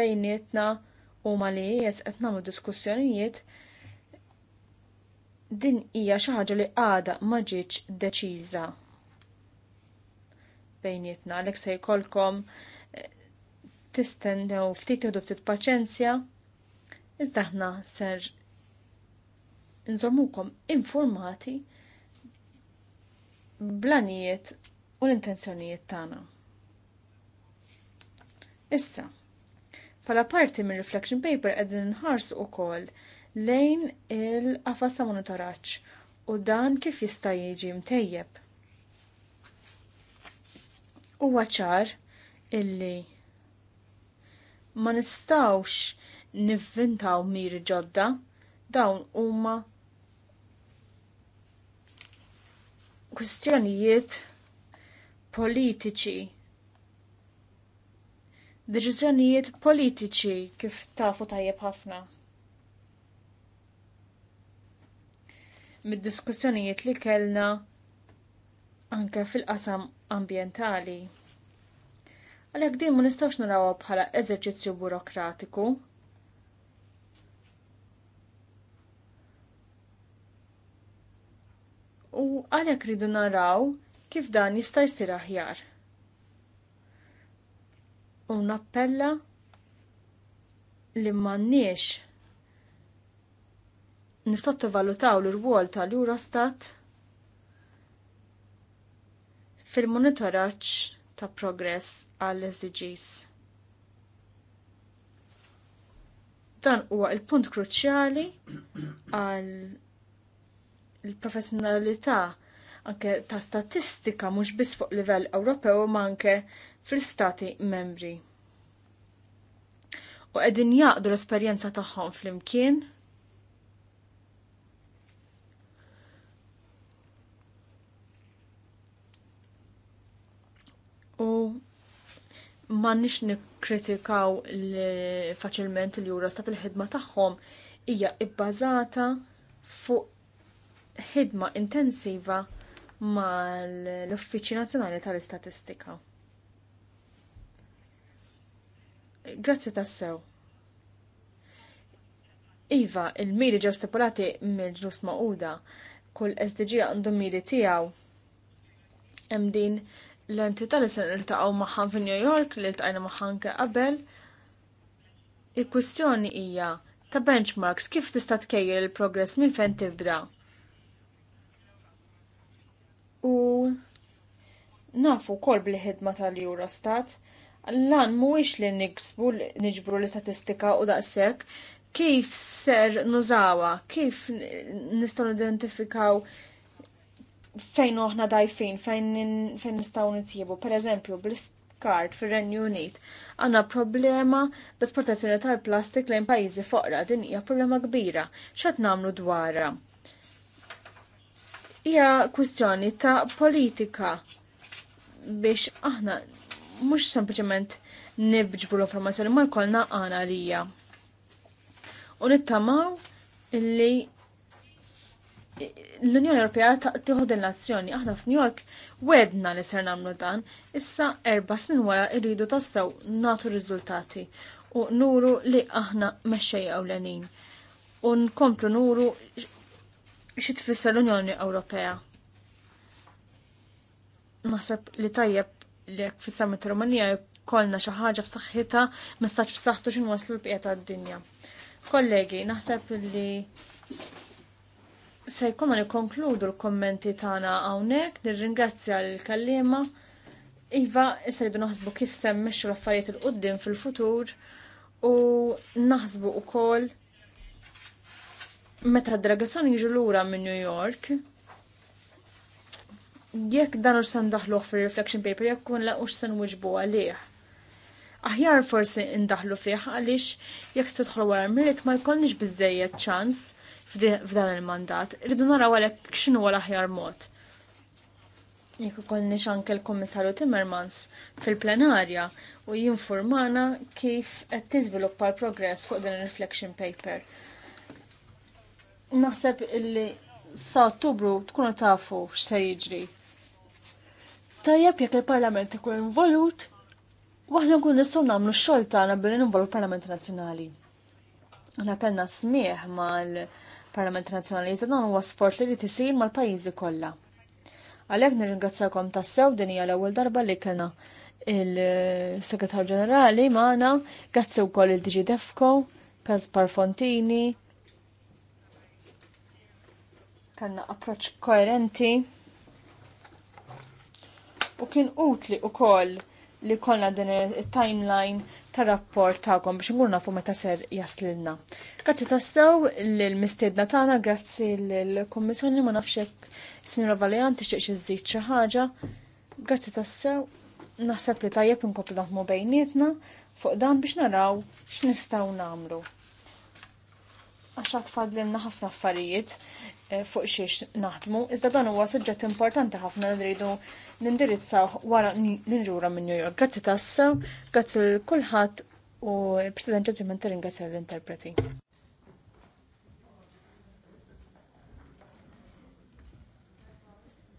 bejnietna u mali jes qed nagħmlu diskussjonijiet din hija xi ħaġa li għada ma ġietx deċiża bejnietna, għalhekk se jkollkom eh, tistennew ftit tieħdu ftit paċenzja, iżda aħna ser nżomukom informati blanijiet u l-intenzjonijiet tagħna. Issa, pala parti minn reflection paper qegħdin inħarsu ukoll lejn il-qafas ta' monitoraġġ u dan kif jista' jiġi mtejjeb. Huwa ċar illi ma nistawx nivvintaw miri ġodda dawn huma kwistjonijiet politiċi deċiżjonijiet politiċi kif tafu tajjeb ħafna. Mid-diskussjonijiet li kellna anke fil-qasam ambientali. Għalhekk din ma nistgħux narawha bħala eżerċizzju burokratiku. U għalhekk ridu naraw kif dan jista' jsir aħjar. U nappella li m'għandniex tvalutaw l-rwol tal-Eurostat fil-monitoraġġ ta' progress għall sdgs Dan huwa il-punt kruċjali għal il-professjonalità anke ta' statistika mhux biss fuq livell Ewropew ma anke fl-istati membri. U qegħdin jaqdu l-esperjenza tagħhom flimkien u m'għandniex nikkritikaw faċilment il-jura stat il-ħidma tagħhom hija ibbazata fuq ħidma intensiva mal uffiċi Nazzjonali tal-Istatistika. Grazzi tassew. Iva, il-miri ġew stipulati mill-ġust maquda, kull SDG għandhom miri tiegħu. Hemm din l-entità li se niltaqgħu magħha fi New York li ltqajna magħha anke qabel. Il-kwistjoni hija ta' benchmarks kif tista' tkejjel il-progress minn fejn tibda. U nafu kol bil-ħidma tal-Eurostat, lan mhuwiex li niksbu niġbru l-istatistika u daqshekk kif ser nużawa, kif nistgħu identifikaw fejn uħna dajfin, fejn, fejn nistaw nitjibu. Per eżempju, bl-iskart fir renju Unit, għanna problema bl-esportazzjoni tal-plastik lejn pajjiżi foqra, din hija problema kbira. X'qed nagħmlu dwarha? Hija kwistjoni ta' politika biex aħna mhux sempliċement nibġbu l-informazzjoni ma jkollna għana lija. U nittamaw illi l-Unjoni Ewropea tieħu din l-azzjoni. Aħna f'New York wedna li ser nagħmlu dan, issa erba' snin wara irridu tassew nagħtu riżultati u nuru li aħna mexxej ewlenin u nkomplu nuru xi tfisser l-Unjoni Ewropea. Naħseb li tajjeb li jekk fis-summit Rumanija jkollna xi ħaġa f'saħħitha ma stax f'saħħtu x'inwaslu l-bqija tad-dinja. Kollegi, naħseb li se jkunna nikkonkludu l-kommenti tagħna hawnhekk, nirringrazzja l-kallima. Iva, issa jridu naħsbu kif semmixxu l-affarijiet il-qoddim fil-futur u naħsbu wkoll meta d-delegazzjoni jiġu lura minn New York. Jekk dan u san daħluħ fil-reflection paper, jekk kun la ux san uġbu għalih. Aħjar forsi indaħlu fih għaliex jekk tidħol għar mill ma jkollniex bizzejiet ċans f'dan il-mandat. Rridu naraw għalek xinu l-aħjar mod. Jekk konni anke l-Kummissarju Timmermans fil-plenarja u jinformana kif qed tiżviluppa l-progress fuq din il reflection paper. Naħseb illi sa Ottubru tkunu tafu x'ser jiġri. Tajjeb jekk il-Parlament ikun involut, waħna kun nistgħu nagħmlu x-xogħol tagħna billi ninvolvu l-Parlament Nazzjonali. Aħna kellna smieħ mal Parlament Nazzjonali, ta' dan huwa sforzi li tisir mal-pajjiżi kollha. Għalhekk nirringrazzakom tassew din hija l-ewwel darba li kellna il-Segretar Ġenerali magħna, grazzi wkoll il diġi Defco, Kaspar Fontini. Kanna approċċ koerenti u kien utli u koll li kollna din il-timeline ta' rapport ta'kom biex nkunu nafu meta ser jaslilna. Grazzi tassew l-mistedna tagħna, grazzi l-Kummissjoni ma nafx hekk Sinjora Valjan tixtieq iżżid xi ħaġa. Grazzi tassew, naħseb li tajjeb inkomplu naħdmu bejnietna fuq dan biex naraw x'nistgħu nagħmlu. Għax fadlilna ħafna affarijiet Eh, fuq xiex naħdmu, iżda dan huwa suġġett importanti ħafna li rridu nindirizzaw wara ninġura minn New York. Grazzi tassew, grazzi l-kulħadd u l-President ġedġiment ringrazzja l-interpreti.